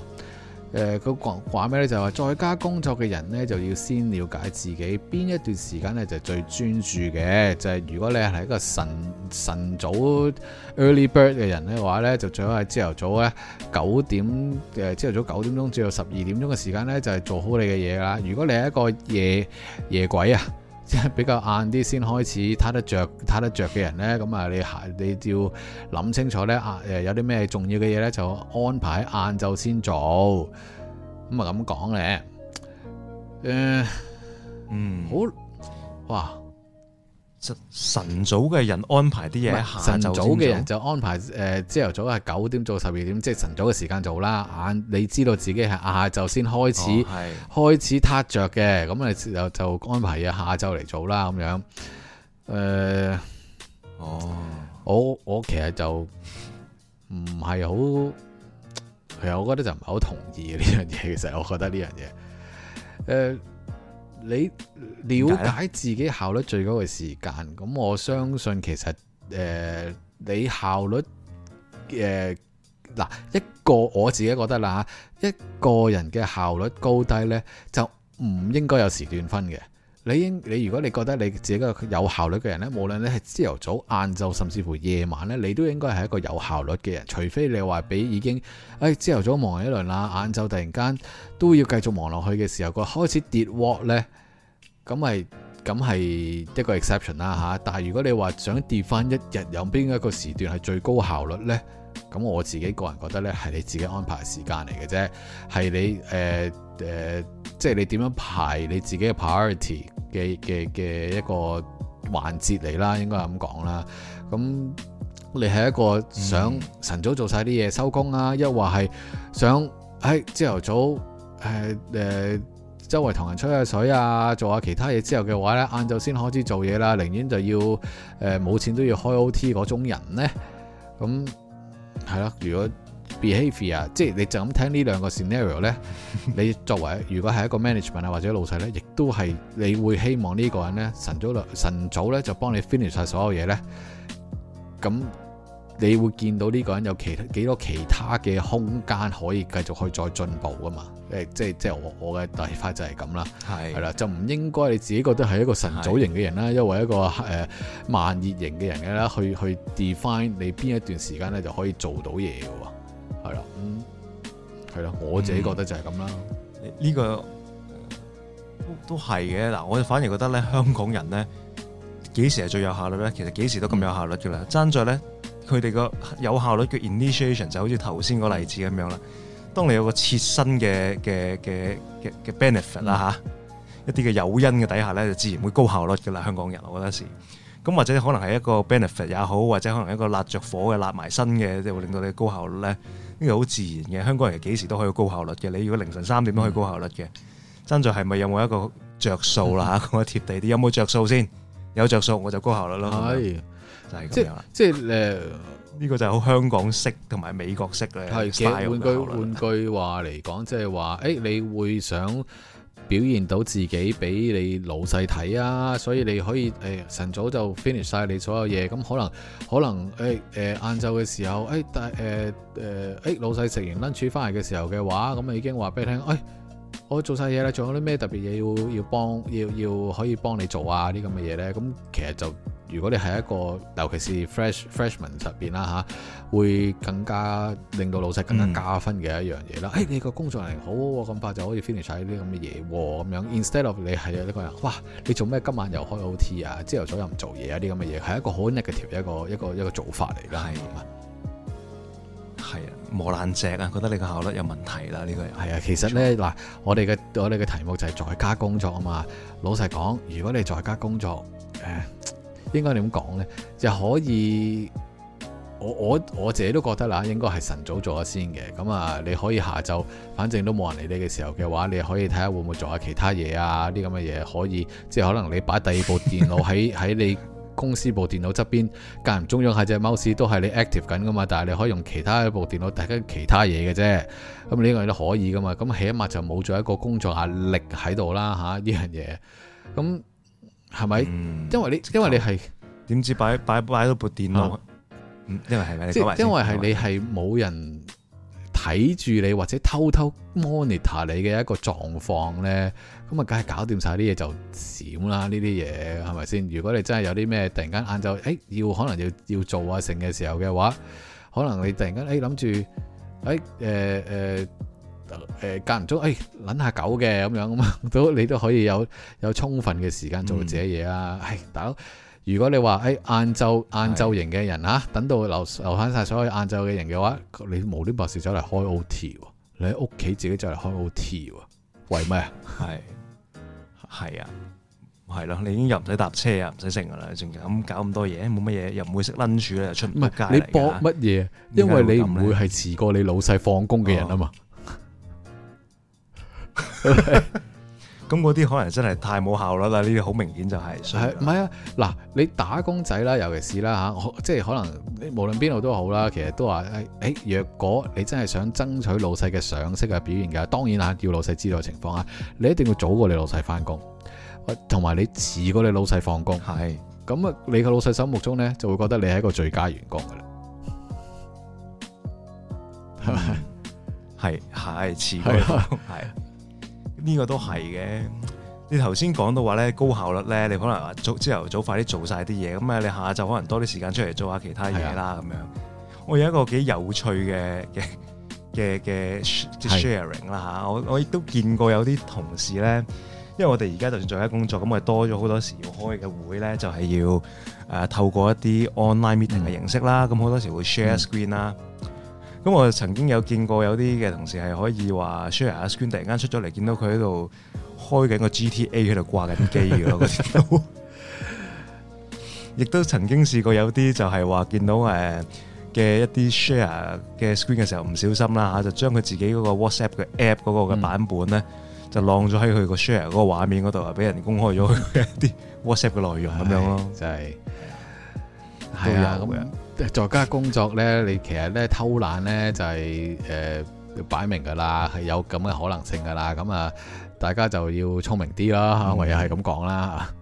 誒佢講話咩咧？就係話在家工作嘅人咧，就要先了解自己邊一段時間咧，就係最專注嘅。就係如果你係一個晨晨早 early bird 嘅人嘅話咧，就最好係朝頭早咧九點誒，朝頭早九點鐘至到十二點鐘嘅時間咧，就係做好你嘅嘢啦。如果你係一個夜夜鬼啊！即係比較晏啲先開始睇得着睇得著嘅人咧，咁啊你係你要諗清楚咧啊誒有啲咩重要嘅嘢咧，就安排喺晏晝先做，咁啊咁講嘅，誒、呃、嗯好哇。晨晨早嘅人安排啲嘢，晨早嘅人就安排誒，朝、呃、頭早係九點到十二點，即、就、係、是、晨早嘅時間做啦。眼、嗯、你知道自己係下晝先開始，哦、開始撻着嘅，咁你就，就安排下晝嚟做啦。咁樣誒、呃，哦，我我其實就唔係好，其實我覺得就唔係好同意呢樣嘢。其實我覺得呢樣嘢，誒、呃。你了解自己效率最高嘅時間，咁我相信其實誒、呃，你效率誒嗱、呃、一個，我自己覺得啦吓，一個人嘅效率高低咧，就唔應該有時段分嘅。你應你如果你覺得你自己個有效率嘅人呢，無論你係朝頭早、晏晝，甚至乎夜晚呢，你都應該係一個有效率嘅人。除非你話俾已經，誒朝頭早忙一輪啦，晏晝突然間都要繼續忙落去嘅時候，個開始跌鍋呢，咁咪咁係一個 exception 啦吓。但係如果你話想跌翻一日，有邊一個時段係最高效率呢？咁我自己個人覺得咧，係你自己安排時間嚟嘅啫，係你誒誒、呃呃，即係你點樣排你自己嘅 priority 嘅嘅嘅一個環節嚟啦，應該咁講啦。咁你係一個想晨早做晒啲嘢收工啊，一話係想喺朝頭早誒誒、呃、周圍同人吹下水啊，做下其他嘢之後嘅話咧，晏晝先開始做嘢啦，寧願就要誒冇、呃、錢都要開 OT 嗰種人咧，咁。係啦，如果 behavior 即係你就咁聽呢兩個 scenario 呢 你作為如果係一個 management 啊或者是老細呢亦都係，你會希望呢個人呢晨早晨早呢就幫你 finish 晒所有嘢呢咁。你會見到呢個人有其他幾多其他嘅空間可以繼續去再進步噶嘛？誒，即係即係我我嘅睇法就係咁啦。係係啦，就唔應該你自己覺得係一個晨早型嘅人啦，抑或一個誒、呃、慢熱型嘅人嘅啦，去去 define 你邊一段時間咧就可以做到嘢嘅喎。係啦，嗯，係啦，我自己覺得就係咁啦。呢、嗯這個、呃、都都係嘅。嗱，我反而覺得咧，香港人咧幾時係最有效率咧？其實幾時都咁有效率嘅啦。爭在咧。佢哋個有效率嘅 initiation 就好似頭先個例子咁樣啦。當你有個切身嘅嘅嘅嘅嘅 benefit 啦、嗯、嚇、啊，一啲嘅誘因嘅底下咧，就自然會高效率嘅啦。香港人，我覺得是咁，或者可能係一個 benefit 也好，或者可能一個焫着火嘅焫埋身嘅，即係會令到你高效率咧，呢個好自然嘅。香港人幾時都可以高效率嘅。你如果凌晨三點都可以高效率嘅，真在係咪有冇一個着數啦嚇？咁、嗯、啊貼地啲，有冇着數先？有着數我就高效率咯。係。就是、這即係即係誒，呢、呃這個就係好香港式同埋美國式咧。係嘅，換句換句話嚟講，即係話誒，你會想表現到自己俾你老細睇啊，所以你可以誒、欸、晨早就 finish 晒你所有嘢，咁可能可能誒誒晏晝嘅時候誒、欸、但係誒誒誒老細食完 lunch 翻嚟嘅時候嘅話，咁啊已經話俾佢聽誒。欸我做晒嘢啦，仲有啲咩特別嘢要要幫要要可以幫你做啊？啲咁嘅嘢咧，咁其實就如果你係一個尤其是 fresh、嗯、是 freshman 入邊啦吓，會更加令到老細更加加分嘅一樣嘢啦。誒、嗯哎，你個工作能力好，咁快就可以 finish 晒啲咁嘅嘢，咁樣 instead of 你係有一個人，哇，你做咩今晚又開 OT 啊？朝頭早又唔做嘢啊？啲咁嘅嘢係一個好 negative 嘅一個一個一個做法嚟啦。係、嗯、嘛。係啊，磨爛蓆啊，覺得你個效率有問題啦。呢、這個係啊，其實咧嗱，我哋嘅我哋嘅題目就係在家工作啊嘛。老實講，如果你在家工作，誒、呃，應該點講咧？就可以，我我我自己都覺得啦，應該係晨早做咗先嘅。咁啊，你可以下晝，反正都冇人嚟你嘅時候嘅話，你可以睇下會唔會做下其他嘢啊？啲咁嘅嘢可以，即係可能你擺第二部電腦喺喺你。 公司部電腦側邊，間唔中養下隻 mouse 都係你 active 緊噶嘛，但係你可以用其他一部電腦大家其他嘢嘅啫，咁呢樣都可以噶嘛，咁起碼就冇咗一個工作壓力喺度啦吓，呢樣嘢，咁係咪？因為你因為你係點知擺擺擺到部電腦，啊，因為係咪？即因為係你係冇人，睇住你或者偷偷 monitor 你嘅一個狀況咧，咁啊梗係搞掂曬啲嘢就閃啦！呢啲嘢係咪先？如果你真係有啲咩突然間晏晝，誒要可能要要做啊成嘅時候嘅話，可能你突然間誒諗住誒誒誒間唔中誒撚下狗嘅咁樣咁啊，都你都可以有有充分嘅時間做自己嘢啊！係大佬。如果你話誒晏晝晏晝型嘅人啊，等到留留翻晒所有晏晝嘅人嘅話，你無端白事走嚟開 OT，你喺屋企自己走嚟開 OT，為咩啊？係係啊，係 咯，你已經又唔使搭車啊，唔使剩噶啦，仲咁搞咁多嘢，冇乜嘢，又唔會識拎住咧，出唔你搏乜嘢？因為你唔會係遲過你老細放工嘅人啊嘛。Oh. 咁嗰啲可能真係太冇效率啦，呢啲好明顯就係。唔係啊？嗱，你打工仔啦，尤其是啦嚇，即係可能無論邊度都好啦，其實都話誒，若果你真係想爭取老細嘅賞識嘅表現嘅，當然啦，要老細知道嘅情況啊，你一定要早過你老細返工，同埋你遲過你老細放工。係，咁啊，你個老細心目中呢，就會覺得你係一個最佳員工㗎啦。係咪？係係遲過呢、這個都係嘅。你頭先講到話咧，高效率咧，你可能早朝頭早快啲做晒啲嘢，咁啊，你下晝可能多啲時間出嚟做下其他嘢啦咁樣。我有一個幾有趣嘅嘅嘅嘅即 sharing 啦吓，我我亦都見過有啲同事咧，因為我哋而家就算做緊工作，咁我多咗好多時要開嘅會咧，就係、是、要誒透過一啲 online meeting 嘅形式啦，咁、嗯、好多時會 share screen 啦、嗯。咁我曾經有見過有啲嘅同事係可以話 share screen 突然間出咗嚟，見到佢喺度開緊個 GTA 喺度掛緊機嘅咯，亦都曾經試過有啲就係話見到誒嘅一啲 share 嘅 screen 嘅時候唔小心啦嚇，就將佢自己嗰個 WhatsApp 嘅 app 嗰個嘅版本咧、嗯、就浪咗喺佢個 share 嗰個畫面嗰度啊，俾人公開咗佢一啲 WhatsApp 嘅內容咁樣咯，哎、就係、係、係、嗯、啊咁樣。在家工作呢，你其實咧偷懶呢，就係、是、誒、呃、擺明噶啦，係有咁嘅可能性噶啦。咁啊，大家就要聰明啲啦，唯有係咁講啦。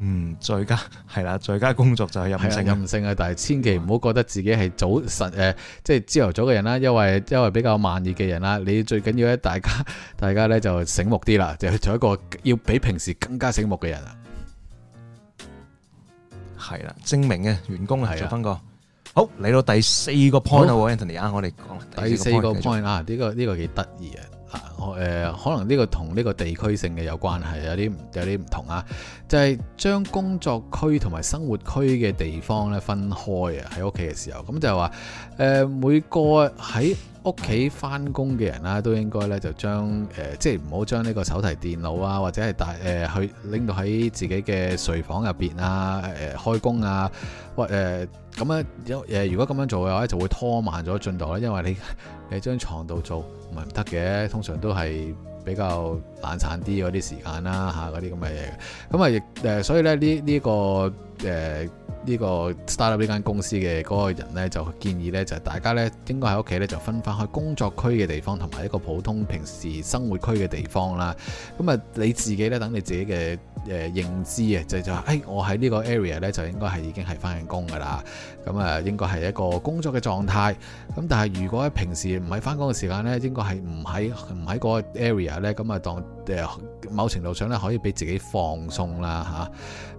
嗯，在家係啦，在家工作就係任性的的，任性啊！但係千祈唔好覺得自己係早晨誒，即係朝頭早嘅人啦，因為因為比較慢熱嘅人啦。你最緊要咧，大家大家呢就醒目啲啦，就做一個要比平時更加醒目嘅人啊！係啦，證明嘅員工係分個好，嚟到第四個 point 喎，Anthony 啊，我哋講第四個 point，第四個 point 啊，呢個，呢個幾得意啊，嗱我誒可能呢個同呢個地區性嘅有關係，有啲，有啲唔同啊，就係將工作區同埋生活區嘅地方咧分開啊，喺屋企嘅時候，咁就係話誒每個喺。屋企翻工嘅人啦、啊，都應該咧就將誒，即係唔好將呢個手提電腦啊，或者係帶誒、呃、去拎到喺自己嘅睡房入邊啊，誒、呃、開工啊，喂誒咁樣有誒、呃，如果咁樣做嘅話，就會拖慢咗進度啦，因為你你喺張床度做唔係唔得嘅，通常都係比較懶散啲嗰啲時間啦、啊、嚇，嗰啲咁嘅嘢，咁啊亦誒，所以咧呢呢、呢個誒。呃呢、這個 startup 呢間公司嘅嗰個人呢，就建議呢，就係大家呢應該喺屋企呢，就分翻去工作區嘅地方同埋一個普通平時生活區嘅地方啦。咁啊，你自己呢，等你自己嘅誒、呃、認知啊，就就是、誒、哎、我喺呢個 area 呢，就應該係已經係翻緊工噶啦。咁啊，應該係一個工作嘅狀態。咁但係如果平時唔喺翻工嘅時間呢，應該係唔喺唔喺嗰個 area 呢。咁、呃、啊，當某程度上呢，可以俾自己放鬆啦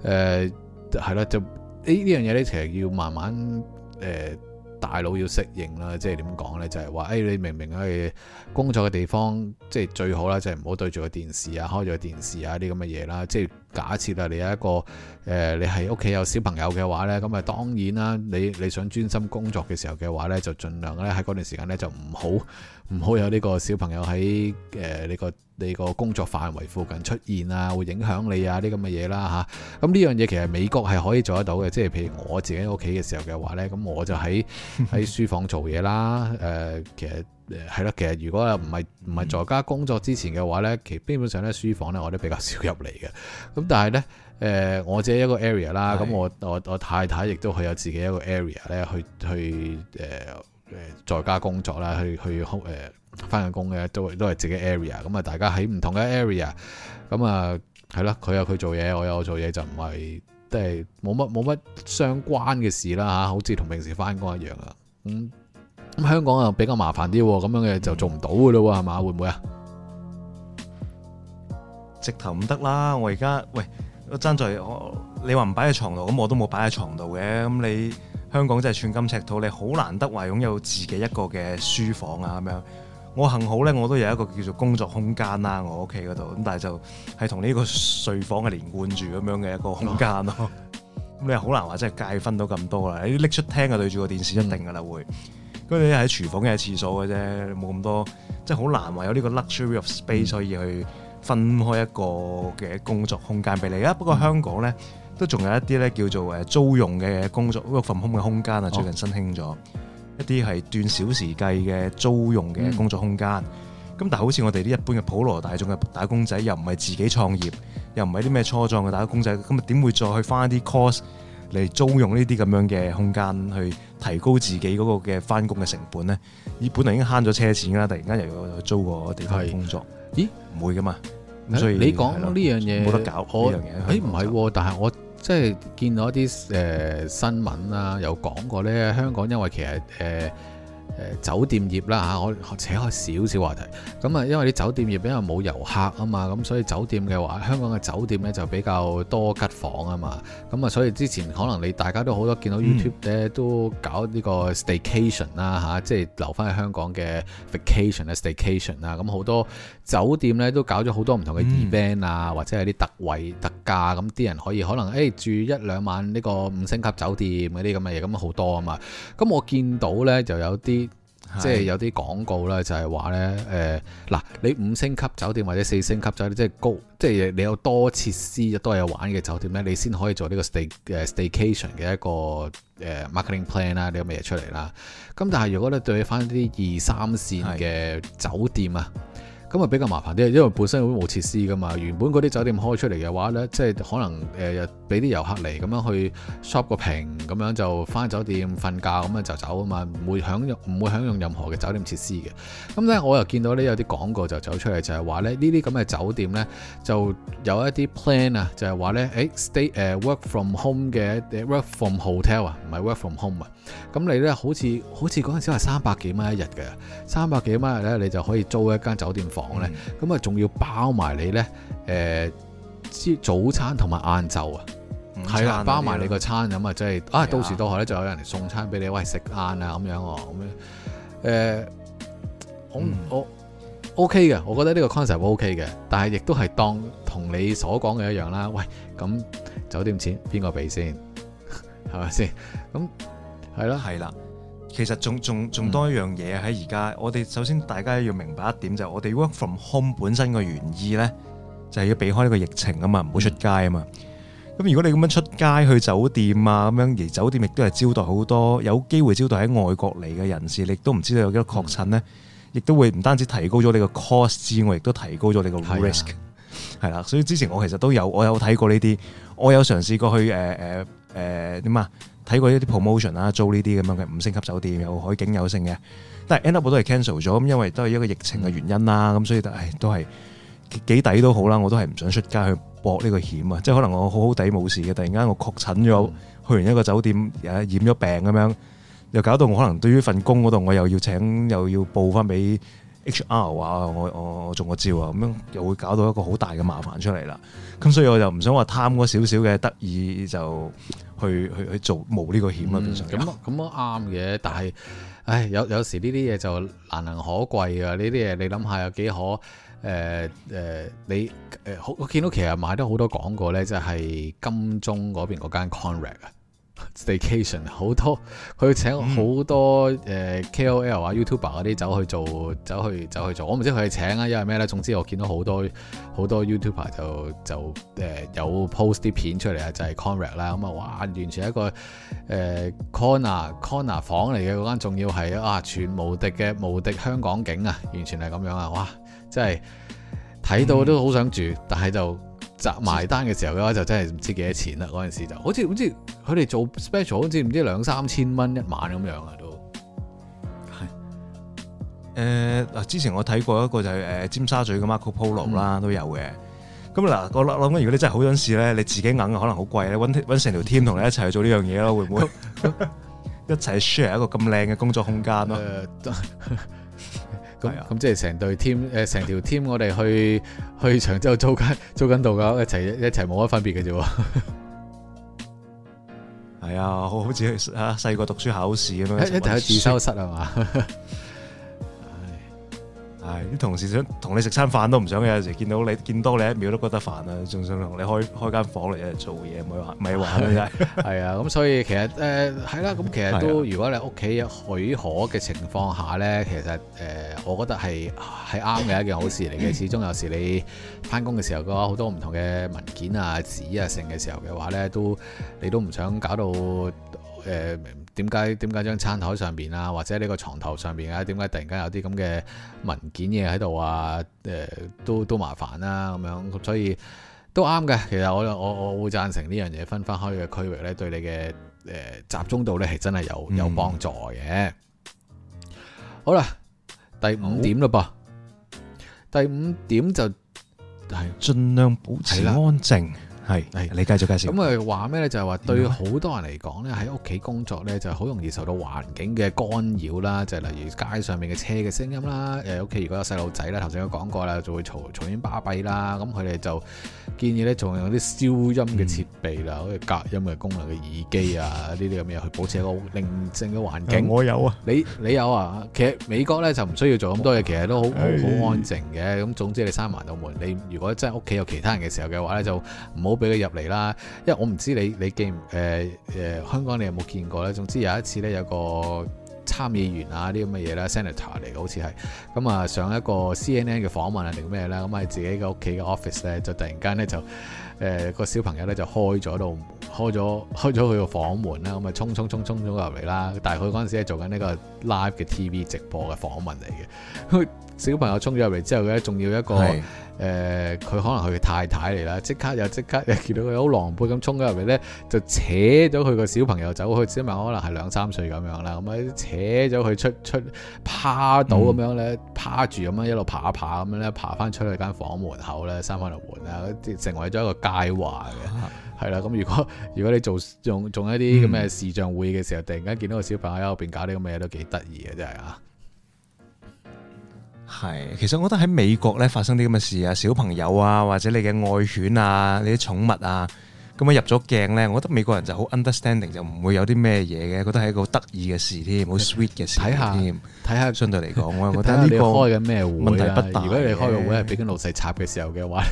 吓，誒係咯就。呢呢樣嘢呢，其實要慢慢、呃、大腦要適應啦，即係點講呢？就係話誒，你明明喺工作嘅地方，即係最好啦，就係唔好對住個電視啊，開住個電視啊啲咁嘅嘢啦。即係假設啊，你有一個誒，你係屋企有小朋友嘅話呢，咁啊當然啦，你你想專心工作嘅時候嘅話呢，就盡量咧喺嗰段時間呢，就唔好唔好有呢個小朋友喺誒你個你個工作範圍附近出現啊，會影響你啊啲咁嘅嘢啦嚇。咁呢樣嘢其實美國係可以做得到嘅，即係譬如我自己屋企嘅時候嘅話呢，咁我就喺喺書房做嘢啦。誒，其實係啦，其實如果唔係唔係在家工作之前嘅話呢，其實基本上呢，書房呢我都比較少入嚟嘅。咁但係呢，誒、呃，我自己一個 area 啦，咁我我我太太亦都佢有自己一個 area 咧，去去誒誒，在家工作啦，去去誒翻緊工嘅，呃、都都係自己 area。咁啊，大家喺唔同嘅 area，咁啊係咯，佢有佢做嘢，我有我做嘢，就唔係都係冇乜冇乜相關嘅事啦嚇，好似同平時翻工一樣啊。咁、嗯、咁香港啊比較麻煩啲喎，咁樣嘅就做唔到噶咯喎，係嘛？會唔會啊？直頭唔得啦！我而家喂。爭在你話唔擺喺床度，咁我都冇擺喺床度嘅。咁你香港真係寸金尺土，你好難得話擁有自己一個嘅書房啊咁樣。我幸好咧，我都有一個叫做工作空間啦，我屋企嗰度。咁但係就係同呢個睡房嘅連貫住咁樣嘅一個空間咯。咁、哦、 你好難話真係界分到咁多啦。你拎出廳啊對住個電視一定噶啦、嗯、會。跟住你喺廚房嘅係廁所嘅啫，冇咁多，即係好難話有呢個 luxury of space 可以去。分開一個嘅工作空間俾你啊！不過香港咧都仲有一啲咧叫做誒租用嘅工作嗰個份空嘅空間啊，最近新興咗、哦、一啲係短小時計嘅租用嘅工作空間。咁、嗯、但係好似我哋啲一般嘅普羅大眾嘅打工仔，又唔係自己創業，又唔係啲咩初創嘅打工仔，咁啊點會再去翻啲 course 嚟租用呢啲咁樣嘅空間去提高自己嗰個嘅翻工嘅成本咧？以本來已經慳咗車錢啦，突然間又要租個地方去工作，咦？唔會噶嘛？所以你講呢樣嘢冇得搞呢樣嘢？誒唔係喎，但係我即係見到一啲誒、呃、新聞啊，有講過咧。香港因為其實誒誒、呃呃、酒店業啦、啊、嚇，我扯開少少話題。咁啊，因為啲酒店業因為冇遊客啊嘛，咁所以酒店嘅話，香港嘅酒店咧就比較多吉房啊嘛。咁啊，所以之前可能你大家都好多見到 YouTube 咧、嗯、都搞呢個 staycation 啦、啊、嚇，即、啊、係、就是、留翻去香港嘅 vacation staycation、啊、staycation 啦。咁好多。酒店咧都搞咗好多唔同嘅 event 啊、嗯，或者係啲特惠特價，咁啲人可以可能誒、哎、住一兩晚呢個五星級酒店嗰啲咁嘅嘢，咁好多啊嘛。咁我見到呢就有啲即係有啲廣告呢就係話呢：「誒嗱，你五星級酒店或者四星級酒店即係、就是、高即係、就是、你有多設施、多嘢玩嘅酒店呢，你先可以做呢個 stay、uh, staycation 嘅一個誒、uh, marketing plan 啦。你有咩嘢出嚟啦？咁但係如果你對翻啲二三線嘅酒店啊？咁啊比較麻煩啲，因為本身會冇設施噶嘛。原本嗰啲酒店開出嚟嘅話呢，即係可能誒俾啲遊客嚟咁樣去 shop 個平，咁樣就翻酒店瞓覺，咁樣就走啊嘛。唔會享用，唔會享用任何嘅酒店設施嘅。咁呢，我又見到呢有啲廣告就走出嚟，就係話咧呢啲咁嘅酒店呢，就有一啲 plan 啊，就係、是、話呢：「誒 stay、uh, work from home 嘅 work from hotel 啊，唔係 work from home 啊。」咁你呢，好似好似嗰陣時係三百幾蚊一日嘅，三百幾蚊一日呢，你就可以租一間酒店房。講咧，咁啊仲要包埋你咧，誒、呃，朝早餐同埋晏晝啊，係啦，包埋你個餐咁啊，即係啊，到時到候咧就有人嚟送餐俾你，喂食晏啊咁樣，咁樣，誒、呃，我我、嗯、我 OK 嘅，我覺得呢個 concept OK 嘅，但係亦都係當同你所講嘅一樣啦，喂，咁酒店錢邊個俾先，係咪先？咁係咯，係啦。其實仲仲仲多一樣嘢喺而家，我哋首先大家要明白一點就係我哋 work from home 本身嘅原意咧，就係、是、要避開呢個疫情啊嘛，唔好出街啊嘛。咁、嗯、如果你咁樣出街去酒店啊，咁樣而酒店亦都係招待好多有機會招待喺外國嚟嘅人士，你亦都唔知道有幾多確診咧，亦都會唔單止提高咗你個 cost 之外，亦都提高咗你個 risk。係啦、啊， 所以之前我其實都有我有睇過呢啲，我有嘗試過去誒誒誒點啊。呃呃呃睇過一啲 promotion 啊，租呢啲咁樣嘅五星級酒店有海景有剩嘅，但係 end up 都係 cancel 咗，咁因為都係一個疫情嘅原因啦，咁、嗯、所以都係都幾抵都好啦，我都係唔想出街去搏呢個險啊，即係可能我很好好抵冇事嘅，突然間我確診咗、嗯，去完一個酒店誒染咗病咁樣，又搞到我可能對於份工嗰度我又要請又要報翻俾。H R 啊，我我我中個招啊，咁樣又會搞到一個好大嘅麻煩出嚟啦。咁所以我就唔想話貪嗰少少嘅得意就去去去做冒呢個險啊。本身咁咁都啱嘅，但係唉有有時呢啲嘢就難能可貴啊。呢啲嘢你諗下有幾可誒誒、呃呃、你誒、呃、我見到其實買得好多廣告咧，就係、是、金鐘嗰邊嗰間 Conrad station 好多，佢請好多誒 KOL 啊、YouTuber 嗰啲走去做，走去走去做。我唔知佢係請啊，因為咩咧？總之我見到好多好多 YouTuber 就就誒、呃、有 post 啲片出嚟啊，就係、是、Conrad 啦。咁啊，哇！完全一個誒、呃、Corner Corner 房嚟嘅嗰間，仲要係啊全無敵嘅無敵香港景啊，完全係咁樣啊！哇！真係睇到都好想住，但係就～集埋單嘅時候嘅話就真係唔知幾多錢啦！嗰陣時就好似好似佢哋做 special 好似唔知兩三千蚊一晚咁樣啊都係。誒、嗯、嗱，之前我睇過一個就係誒尖沙咀嘅 Marco Polo 啦，都有嘅。咁、嗯、嗱，我諗如果你真係好想試咧，你自己揾可能好貴咧，揾成條 team 同你一齊去做呢樣嘢咯，會唔會、嗯、 一齊 share 一個咁靚嘅工作空間咯？嗯咁、啊、即係成隊 team 誒，成條 team 我哋去 去長洲租間租緊度噶，一齊一齊冇乜分別嘅啫。係啊，好似吓細個讀書考試咁樣，一齊去自修室係嘛。 係啲同事想同你食餐飯都唔想嘅，有時見到你見多你一秒都覺得煩啦，仲想同你開開間房嚟做嘢，唔係話唔係話嘅啫，係啊，咁 所以其實誒係啦，咁、呃、其實都如果你屋企許可嘅情況下咧，其實誒、呃、我覺得係係啱嘅一件好事嚟嘅。始終有時你翻工嘅時候嘅話，好多唔同嘅文件啊、紙啊剩嘅時候嘅話咧，都你都唔想搞到誒。呃點解點解張餐台上邊啊，或者呢個床頭上邊啊？點解突然間有啲咁嘅文件嘢喺度啊？誒、呃，都都麻煩啦，咁樣，所以都啱嘅。其實我我我會贊成呢樣嘢分返開嘅區域呢，對你嘅誒、呃、集中度呢，係真係有有幫助嘅、嗯。好啦，第五點啦噃，第五點就係盡量保持安靜。係係，你繼續介紹。咁啊話咩咧？就係話對好多人嚟講咧，喺屋企工作咧，就好容易受到環境嘅干擾啦。就係例如街上面嘅車嘅聲音啦，誒，屋企如果有細路仔啦，頭先都講過啦，就會嘈嘈喧巴閉啦。咁佢哋就建議咧，仲有啲消音嘅設備。鼻啦，好似隔音嘅功能嘅耳機啊，呢啲咁嘅嘢去保持一個寧靜嘅環境。我有啊，你你有啊。其實美國咧就唔需要做咁多嘢，其實都好好、哎、安靜嘅。咁總之你閂埋道門，你如果真係屋企有其他人嘅時候嘅話咧，就唔好俾佢入嚟啦。因為我唔知你你記唔誒誒香港你有冇見過咧？總之有一次咧，有個參議員啊啲咁嘅嘢啦 Senator 嚟嘅好似係咁啊，上一個 CNN 嘅訪問啊定咩咧，咁喺自己嘅屋企嘅 office 咧，就突然間咧就。誒、呃嗰個小朋友咧就開咗度，開咗開咗佢個房門啦，咁啊衝衝衝衝咗入嚟啦，但係佢嗰陣時係做緊呢個 live 嘅 TV 直播嘅訪問嚟嘅。 小朋友衝咗入嚟之後咧，仲要一個誒，佢、呃、可能佢太太嚟啦，即刻又即刻又見到佢好狼狽咁衝咗入嚟咧，就扯咗佢個小朋友走去，只咪可能係兩三歲咁樣啦，咁樣扯咗佢出出趴到咁樣咧，趴住咁樣，趴樣一路爬一爬咁樣咧，爬翻出去間房門口咧，閂翻落門啦，成為咗一個佳話嘅，係、啊、啦。咁如果如果你做仲用一啲咁嘅視像會議嘅時候，突然間見到個小朋友喺後邊搞啲咁嘅嘢，都幾得意嘅真係啊！係，其實我覺得喺美國咧，發生啲咁嘅事啊，小朋友啊，或者你嘅愛犬啊，你啲寵物啊，咁啊入咗鏡咧，我覺得美國人就好 understanding，就唔會有啲咩嘢嘅，覺得係一個得意嘅事添，好 sweet 嘅事，睇下，睇下相對嚟講，我睇下你開嘅咩會問題不大。在的的如果你開個會係俾緊老細插嘅時候嘅話，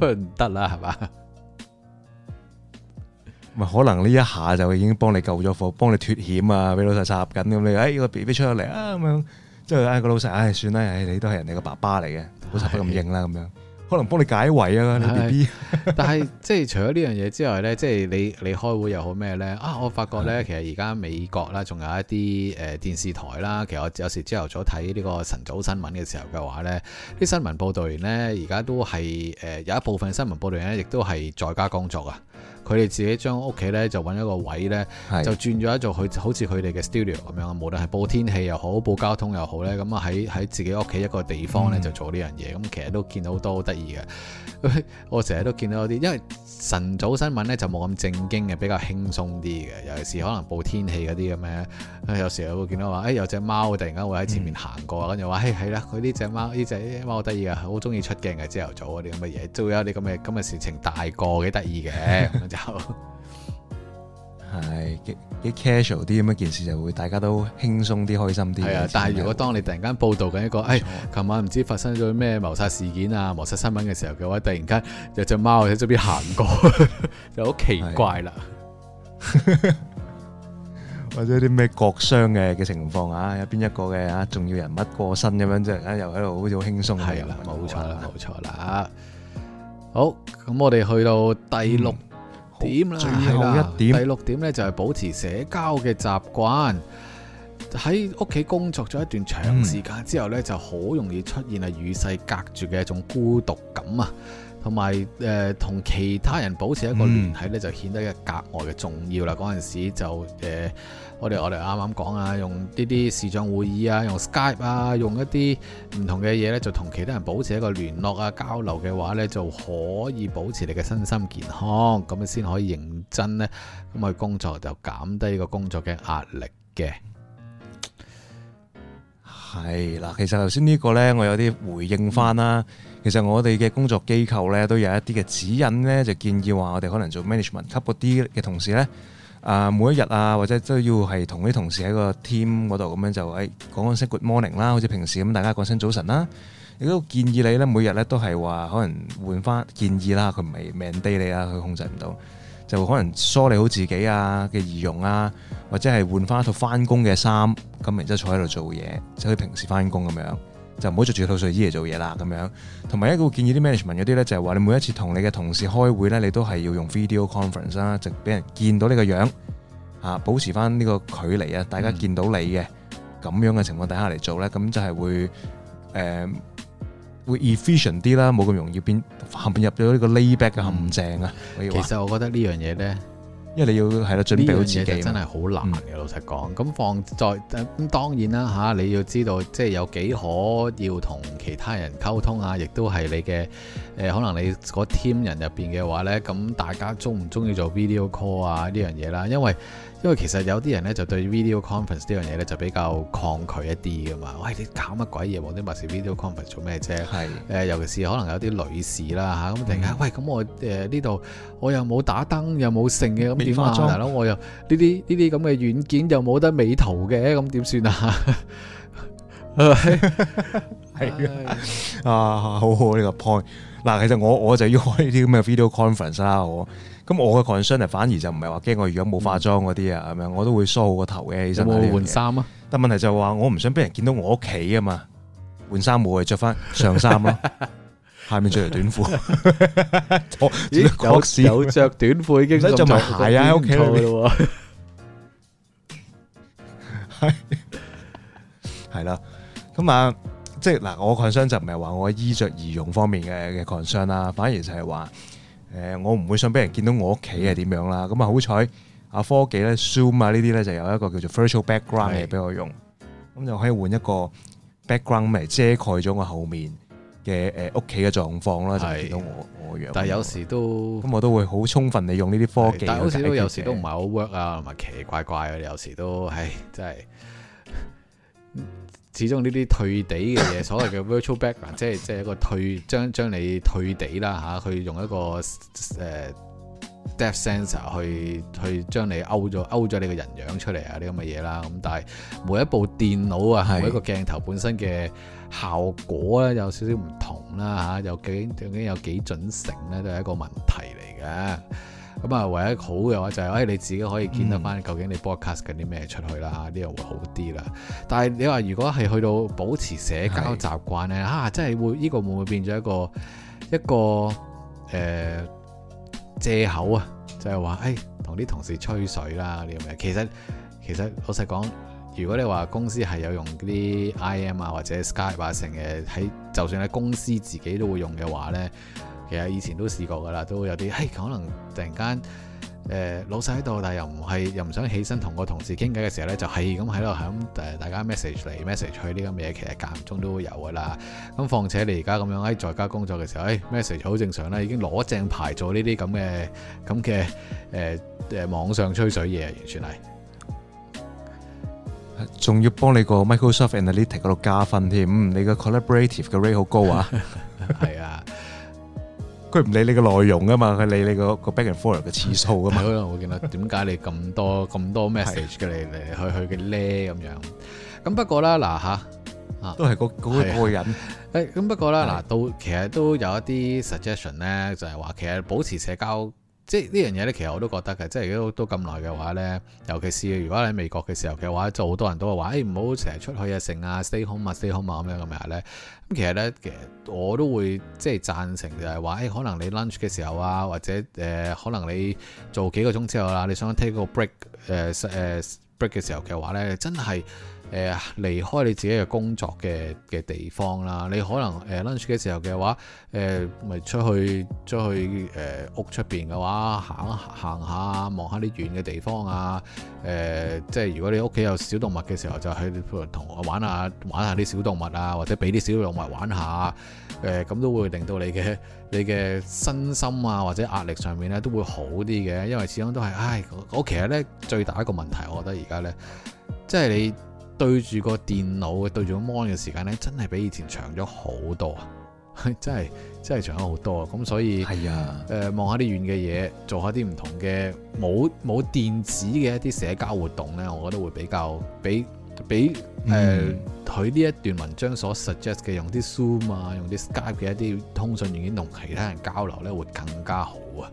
都唔得啦，係嘛？可能呢一下就已經幫你救咗火，幫你脫險啊，俾老細插緊咁你，哎、這個 BB 出咗嚟啊咁樣。即係個老細，唉、哎，算啦，唉、哎，你都係人哋個爸爸嚟嘅，老細不咁硬啦，咁樣，可能幫你解圍啊，你 B B。但係 即係除咗呢樣嘢之外呢，即係你你開會又好咩呢？啊，我發覺呢，其實而家美國啦，仲有一啲誒電視台啦，其實我有時朝頭早睇呢個晨早新聞嘅時候嘅話呢，啲新聞報道員呢，而家都係誒、呃、有一部分新聞報道員呢，亦都係在家工作啊。佢哋自己將屋企咧就揾一個位咧，就轉咗一做佢好似佢哋嘅 studio 咁樣，無論係報天氣又好，報交通又好咧，咁啊喺喺自己屋企一個地方咧就做呢樣嘢。咁、嗯、其實都見到好多好得意嘅， 我成日都見到啲，因為晨早新聞咧就冇咁正經嘅，比較輕鬆啲嘅，尤其是可能報天氣嗰啲咁樣，有時候會見到話，誒、哎、有隻貓突然間會喺前面行過，跟住話，誒係啦，佢、哎、呢隻貓呢隻貓好得意啊，好中意出鏡嘅，朝頭早嗰啲咁嘅嘢，都會有啲咁嘅咁嘅事情大個幾得意嘅。 就係幾幾 casual 啲咁一件事，就會大家都輕鬆啲、開心啲、啊。但係如果當你突然間報道緊一個，誒、哎，琴晚唔知發生咗咩謀殺事件啊、謀殺新聞嘅時候嘅話，突然間有隻貓喺嗰邊行過， 就好奇怪啦、啊。或者啲咩國殤嘅嘅情況啊，有邊一個嘅啊重要人物過身咁樣啫，又喺度好似好輕鬆係啦，冇、啊、錯啦，冇錯啦。好，咁我哋去到第六、嗯。最後一點啦，第六點咧就係保持社交嘅習慣。喺屋企工作咗一段長時間之後咧，就好容易出現係與世隔絕嘅一種孤獨感啊，同埋誒，同、呃、其他人保持一個聯繫咧，就顯得嘅格外嘅重要啦。嗰陣時就誒。呃我哋我哋啱啱講啊，用呢啲視像會議啊，用 Skype 啊，用一啲唔同嘅嘢咧，就同其他人保持一個聯絡啊、交流嘅話咧，就可以保持你嘅身心健康，咁你先可以認真咧咁去工作，就減低個工作嘅壓力嘅。係啦，其實頭先呢個咧，我有啲回應翻啦。其實我哋嘅工作機構咧，都有一啲嘅指引咧，就建議話我哋可能做 management 級嗰啲嘅同事咧。啊、呃，每一日啊，或者都要係同啲同事喺個 team 嗰度咁樣就誒講聲 good morning 啦，好似平時咁大家講聲早晨啦。亦都建議你呢，每日呢都係話可能換翻建議啦，佢唔係命低你啊，佢控制唔到，就可能梳理好自己啊嘅儀容啊，或者係換翻一套翻工嘅衫，咁然之後坐喺度做嘢，就即係平時翻工咁樣。就唔好着住套睡衣嚟做嘢啦，咁樣。同埋一個建議啲 management 嗰啲咧，就係、是、話你每一次同你嘅同事開會咧，你都係要用 video conference 啦，就俾人見到你個樣嚇，保持翻呢個距離啊，大家見到你嘅咁、嗯、樣嘅情況底下嚟做咧，咁就係會誒、呃、會 efficient 啲啦，冇咁容易變陷入咗呢個 layback 嘅陷阱啊、嗯。其實我覺得呢樣嘢咧。因為你要係咯，準備好自己。呢樣嘢真係好難嘅，嗯、老實講。咁放再，咁當然啦嚇、啊，你要知道即係、就是、有幾可要同其他人溝通啊，亦都係你嘅誒、呃，可能你嗰 team 人入邊嘅話呢，咁大家中唔中意做 video call 啊呢樣嘢啦、啊，因為。因為其實有啲人咧就對 video conference 呢樣嘢咧就比較抗拒一啲噶嘛，喂，你搞乜鬼嘢？黃天白日 video conference 做咩啫？係，誒、呃，尤其是可能有啲女士啦嚇，咁、啊、突然間，喂，咁我誒呢度我又冇打燈，又冇剩嘅，咁點啊？大佬，我又呢啲呢啲咁嘅軟件又冇得美圖嘅，咁點算啊？係 啊、 哎，啊，好好呢、呢個 point。嗱，其實我我就要開呢啲咁嘅 video conference 啦，我咁我嘅 concern 反而就唔係話驚我如果冇化妝嗰啲啊，咁、嗯、係咪？我都會梳好個頭嘅。有冇換衫啊？但問題就係、是、話我唔想俾人見到我屋企啊嘛，換衫冇係着翻上衫咯， 下面着條短褲。 有着短褲已經着埋鞋，鞋啊，屋企會係係啦，咁 啊。即係嗱，我 concern 就唔係話我衣着而用方面嘅嘅 concern 啦，反而就係話誒，我唔會想俾人見到我屋企係點樣啦。咁、嗯、啊，好彩啊，科技咧 Zoom 啊呢啲咧就有一個叫做 Virtual Background 嚟俾我用，咁就可以換一個 background 嚟遮蓋咗我後面嘅誒屋企嘅狀況啦，就見到我我樣。但係有時都咁、嗯，我都會好充分利用呢啲科技。但係好似都有時都唔係好 work 啊，同埋奇奇怪怪有時都係真係。始終呢啲退地嘅嘢，所謂嘅 virtual background，即係即係一個退將將你退地啦，吓、啊，去用一個誒、uh, depth sensor 去去將你勾咗勾咗你個人樣出嚟啊呢咁嘅嘢啦，咁但係每一部電腦啊，每一個鏡頭本身嘅效果咧有少少唔同啦吓，又、啊、幾究竟有幾準成咧，都係一個問題嚟嘅。咁啊，唯一好嘅話就係、是哎，你自己可以見得返究竟你 broadcast 緊啲咩出去啦，呢、嗯、樣會好啲啦。但係你話如果係去到保持社交習慣呢，啊，真係會呢、呢個會唔會變咗一個一個誒借、呃、口啊？就係、是、話，哎，同啲同事吹水啦你咁嘅。其實其實老實講，如果你話公司係有用啲 IM 啊或者 Skype 啊成嘅，喺就算喺公司自己都會用嘅話呢。其實以前都試過噶啦，都有啲，誒、哎、可能突然間，誒、呃、老細喺度，但又唔係，又唔想起身同個同事傾偈嘅時候咧，就係咁喺度，咁大家 message 嚟 message 去呢啲咁嘅嘢，其實間中都會有噶啦。咁況且你而家咁樣喺在家工作嘅時候，誒 message 好正常啦，已經攞正牌做呢啲咁嘅咁嘅誒誒網上吹水嘢，完全係。仲要幫你個 Microsoft Analytics 嗰度加分添，你個 collaborative 嘅 rate 好高啊，係 是啊。 佢唔理你個內容㗎嘛，佢理你個個 back and forward 嘅次數㗎嘛。係啊，我見到點解你咁多咁多 message 嘅嚟嚟去去嘅咧咁樣。咁不過咧嗱嚇，啊都係嗰嗰個人。誒咁不過咧嗱，都其實都有一啲 suggestion 咧，就係話其實保持社交，即係呢樣嘢咧，其實我都覺得嘅。即係都都咁耐嘅話咧，尤其是如果喺美國嘅時候嘅話，就好多人都係話，誒唔好成日出去啊，成啊 stay home 啊，stay home 啊咁樣咁樣咧。咁其實咧，其實我都會即係贊成就係，就係話，可能你 lunch 嘅時候啊，或者、呃、可能你做幾個鐘之後啦、啊，你想 take 個 break、呃呃、break 嘅時候嘅話咧，真係。誒，離開你自己嘅工作嘅嘅地方啦，你可能誒 lunch 嘅時候嘅話，誒、呃、咪出去出去誒、呃、屋出邊嘅話，行行下望下啲遠嘅地方啊，誒、呃、即係如果你屋企有小動物嘅時候，就去譬如同我玩下玩下啲小動物啊，或者俾啲小動物玩下，誒、呃、咁都會令到你嘅你嘅身心啊或者壓力上面咧都會好啲嘅，因為始終都係，唉，我，我其實咧最大一個問題，我覺得而家咧即係你，對住個電腦嘅對住個 mon 嘅時間咧，真係比以前長咗好多啊！真係真係長咗好多啊！咁所以，係啊，誒、呃，望下啲遠嘅嘢，做下啲唔同嘅冇冇電子嘅一啲社交活動咧，我覺得會比較比比誒，佢、呃、呢、嗯、一段文章所 suggest 嘅用啲 zoom 啊，用啲 skype 嘅一啲通訊軟件同其他人交流咧，會更加好啊！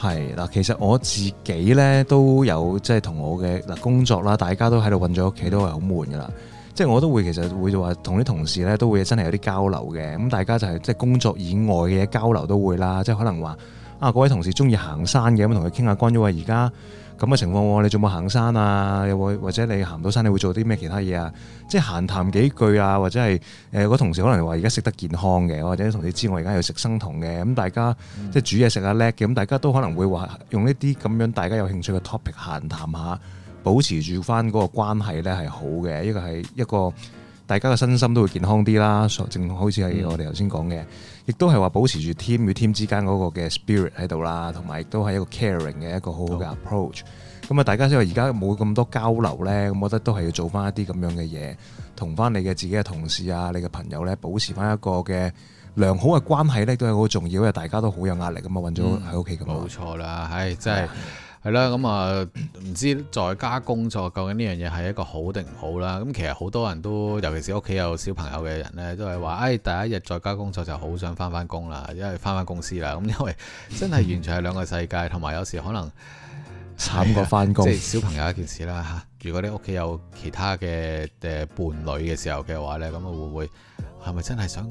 係嗱，其實我自己咧都有即係同我嘅嗱工作啦，大家都喺度困咗屋企，都係好悶噶啦。即係我都會其實會話同啲同事咧都會真係有啲交流嘅。咁大家就係即係工作以外嘅嘢交流都會啦。即係可能話啊，嗰位同事中意行山嘅咁，同佢傾下關於而家。咁嘅情況，你做冇行山啊？又或或者你行唔到山，你會做啲咩其他嘢啊？即係閒談幾句啊，或者係誒、呃、同事可能話而家食得健康嘅，或者同事知我而家要食生酮嘅，咁、嗯、大家、嗯、即係煮嘢食啊叻嘅，咁、嗯、大家都可能會話用呢啲咁樣大家有興趣嘅 topic 閒談下，保持住翻嗰個關係咧係好嘅，呢個係一個。大家嘅身心都會健康啲啦，正好似係我哋頭先講嘅，亦都係話保持住 team 與 team 之間嗰個嘅 spirit 喺度啦，同埋亦都係一個 caring 嘅一個好好嘅 approach。咁、嗯、啊，大家因為而家冇咁多交流呢，咁我覺得都係要做翻一啲咁樣嘅嘢，同翻你嘅自己嘅同事啊、你嘅朋友呢，保持翻一個嘅良好嘅關係呢，都係好重要，因為大家都好有壓力咁啊，困咗喺屋企咁。冇錯啦，唉，真係。係啦，咁、嗯、啊，唔知在家工作究竟呢樣嘢係一個好定唔好啦？咁其實好多人都，尤其是屋企有小朋友嘅人呢，都係話，哎，第一日在家工作就好想返返工啦，因為返返公司啦。咁因為真係完全係兩個世界，同埋有時可能慘過返工，即係、就是、小朋友一件事啦吓。如果你屋企有其他嘅誒伴侶嘅時候嘅話呢，咁會唔會係咪真係想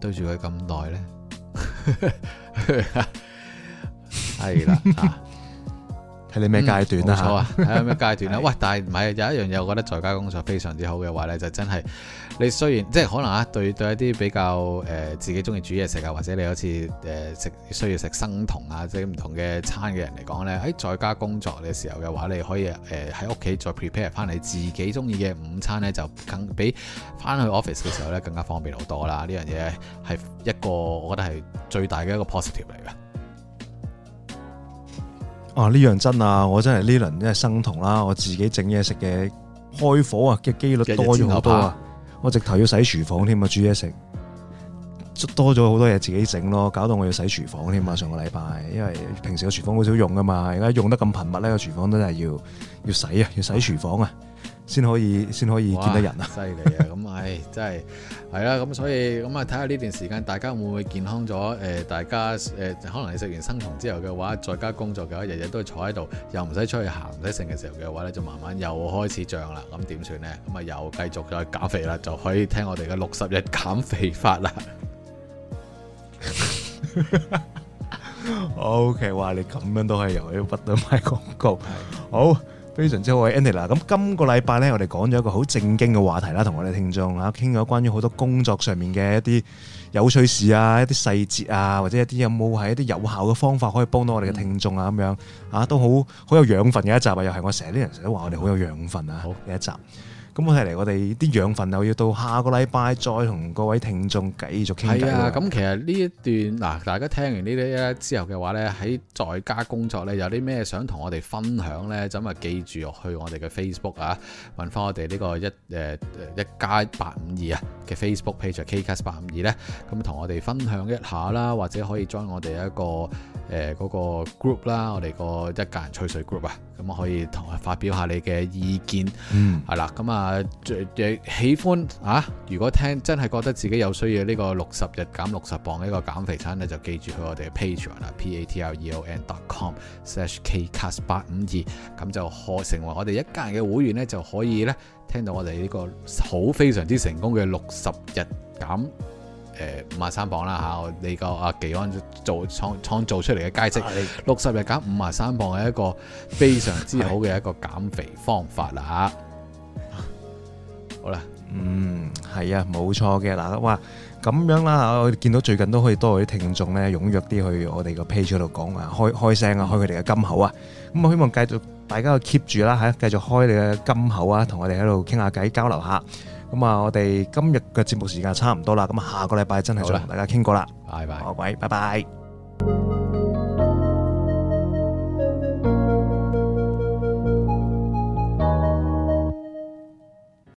對住佢咁耐呢？係 啦。啊 你咩階段啊？冇錯啊，喺咩階段啊？喂，但係唔係有一樣嘢？我覺得在家工作非常之好嘅話咧，就真係你雖然即係可能嚇、啊、對對一啲比較誒、呃、自己中意煮嘢食啊，或者你好似誒食需要食生酮啊，即係唔同嘅餐嘅人嚟講咧，喺在，在家工作嘅時候嘅話，你可以誒喺屋企再 prepare 翻你自己中意嘅午餐咧，就更比翻去 office 嘅時候咧更加方便好多啦。呢樣嘢係一個我覺得係最大嘅一個 positive 嚟嘅。啊！呢樣真啊，我真係呢輪真係生酮啦，我自己整嘢食嘅開火啊嘅幾率多咗好多啊！我直頭要洗廚房添啊，煮嘢食多咗好多嘢自己整咯，搞到我要洗廚房添啊！上個禮拜，因為平時個廚房好少用噶嘛，而家用得咁頻密咧，個廚房都係要要洗啊，要洗廚房啊，先可以先可以見得人啊！犀利啊！唉，真係係啦，咁所以咁啊，睇下呢段時間大家會唔會健康咗？誒、呃，大家誒、呃，可能你食完生酮之後嘅話，在家工作嘅話，日日都坐喺度，又唔使出去行，唔使剩嘅時候嘅話咧，就慢慢又開始漲啦。咁點算呢？咁啊，又繼續再減肥啦，就可以聽我哋嘅六十日減肥法啦。 o、okay, K，哇，你咁樣都係又去屈到賣廣告，哦！好非常之好，Andy，咁今個禮拜呢，我哋講咗一個好正經嘅話題啦，同我哋聽眾啊傾咗關於好多工作上面嘅一啲有趣事啊，一啲細節啊，或者一啲有冇係一啲有效嘅方法可以幫到我哋嘅聽眾啊，咁、嗯、樣啊，都好好有養分嘅一集啊！又係我成日啲人成日都話我哋好有養分啊，好嘅一集。咁我睇嚟，我哋啲養分又要到下個禮拜再同各位聽眾繼續傾。係啊，咁其實呢一段嗱，大家聽完呢啲咧之後嘅話咧，喺在，在家工作咧有啲咩想同我哋分享咧，咁啊記住落去我哋嘅 Facebook 啊，揾翻我哋呢個一誒一加八五二啊嘅 Facebook page K 加八五二咧，咁同我哋分享一下啦，或者可以 join 我哋一個嗰、呃那個 group 啦，我哋個一家人吹水 group 啊。咁可以同佢發表下你嘅意見，係、嗯、啦。咁啊，最喜歡啊！如果聽真係覺得自己有需要呢個六十日減六十磅呢個減肥餐咧，就記住去我哋、啊、Patreon 啦，p a t r e o n dot com slash kcast 八五二，咁就開成為我哋一家人嘅會員咧，就可以咧聽到我哋呢個好非常之成功嘅六十日減。誒，五啊三磅啦吓、啊，你個阿技安做創創造出嚟嘅佳績，六十日減五啊三磅係一個非常之好嘅一個減肥方法啦。 好啦，嗯，係啊，冇錯嘅。嗱，哇，咁樣啦，我哋見到最近都可以多啲聽眾咧，踊躍啲去我哋個 page 度講啊，開開聲啊，開佢哋嘅金口啊。咁、嗯、我、嗯嗯、希望繼續大家 keep 住啦吓，繼續開你嘅金口啊，同我哋喺度傾下偈、交流下。咁啊，我哋今日嘅節目時間差唔多啦，咁下個禮拜真係再同大家傾過啦，拜拜，好，各位，拜拜。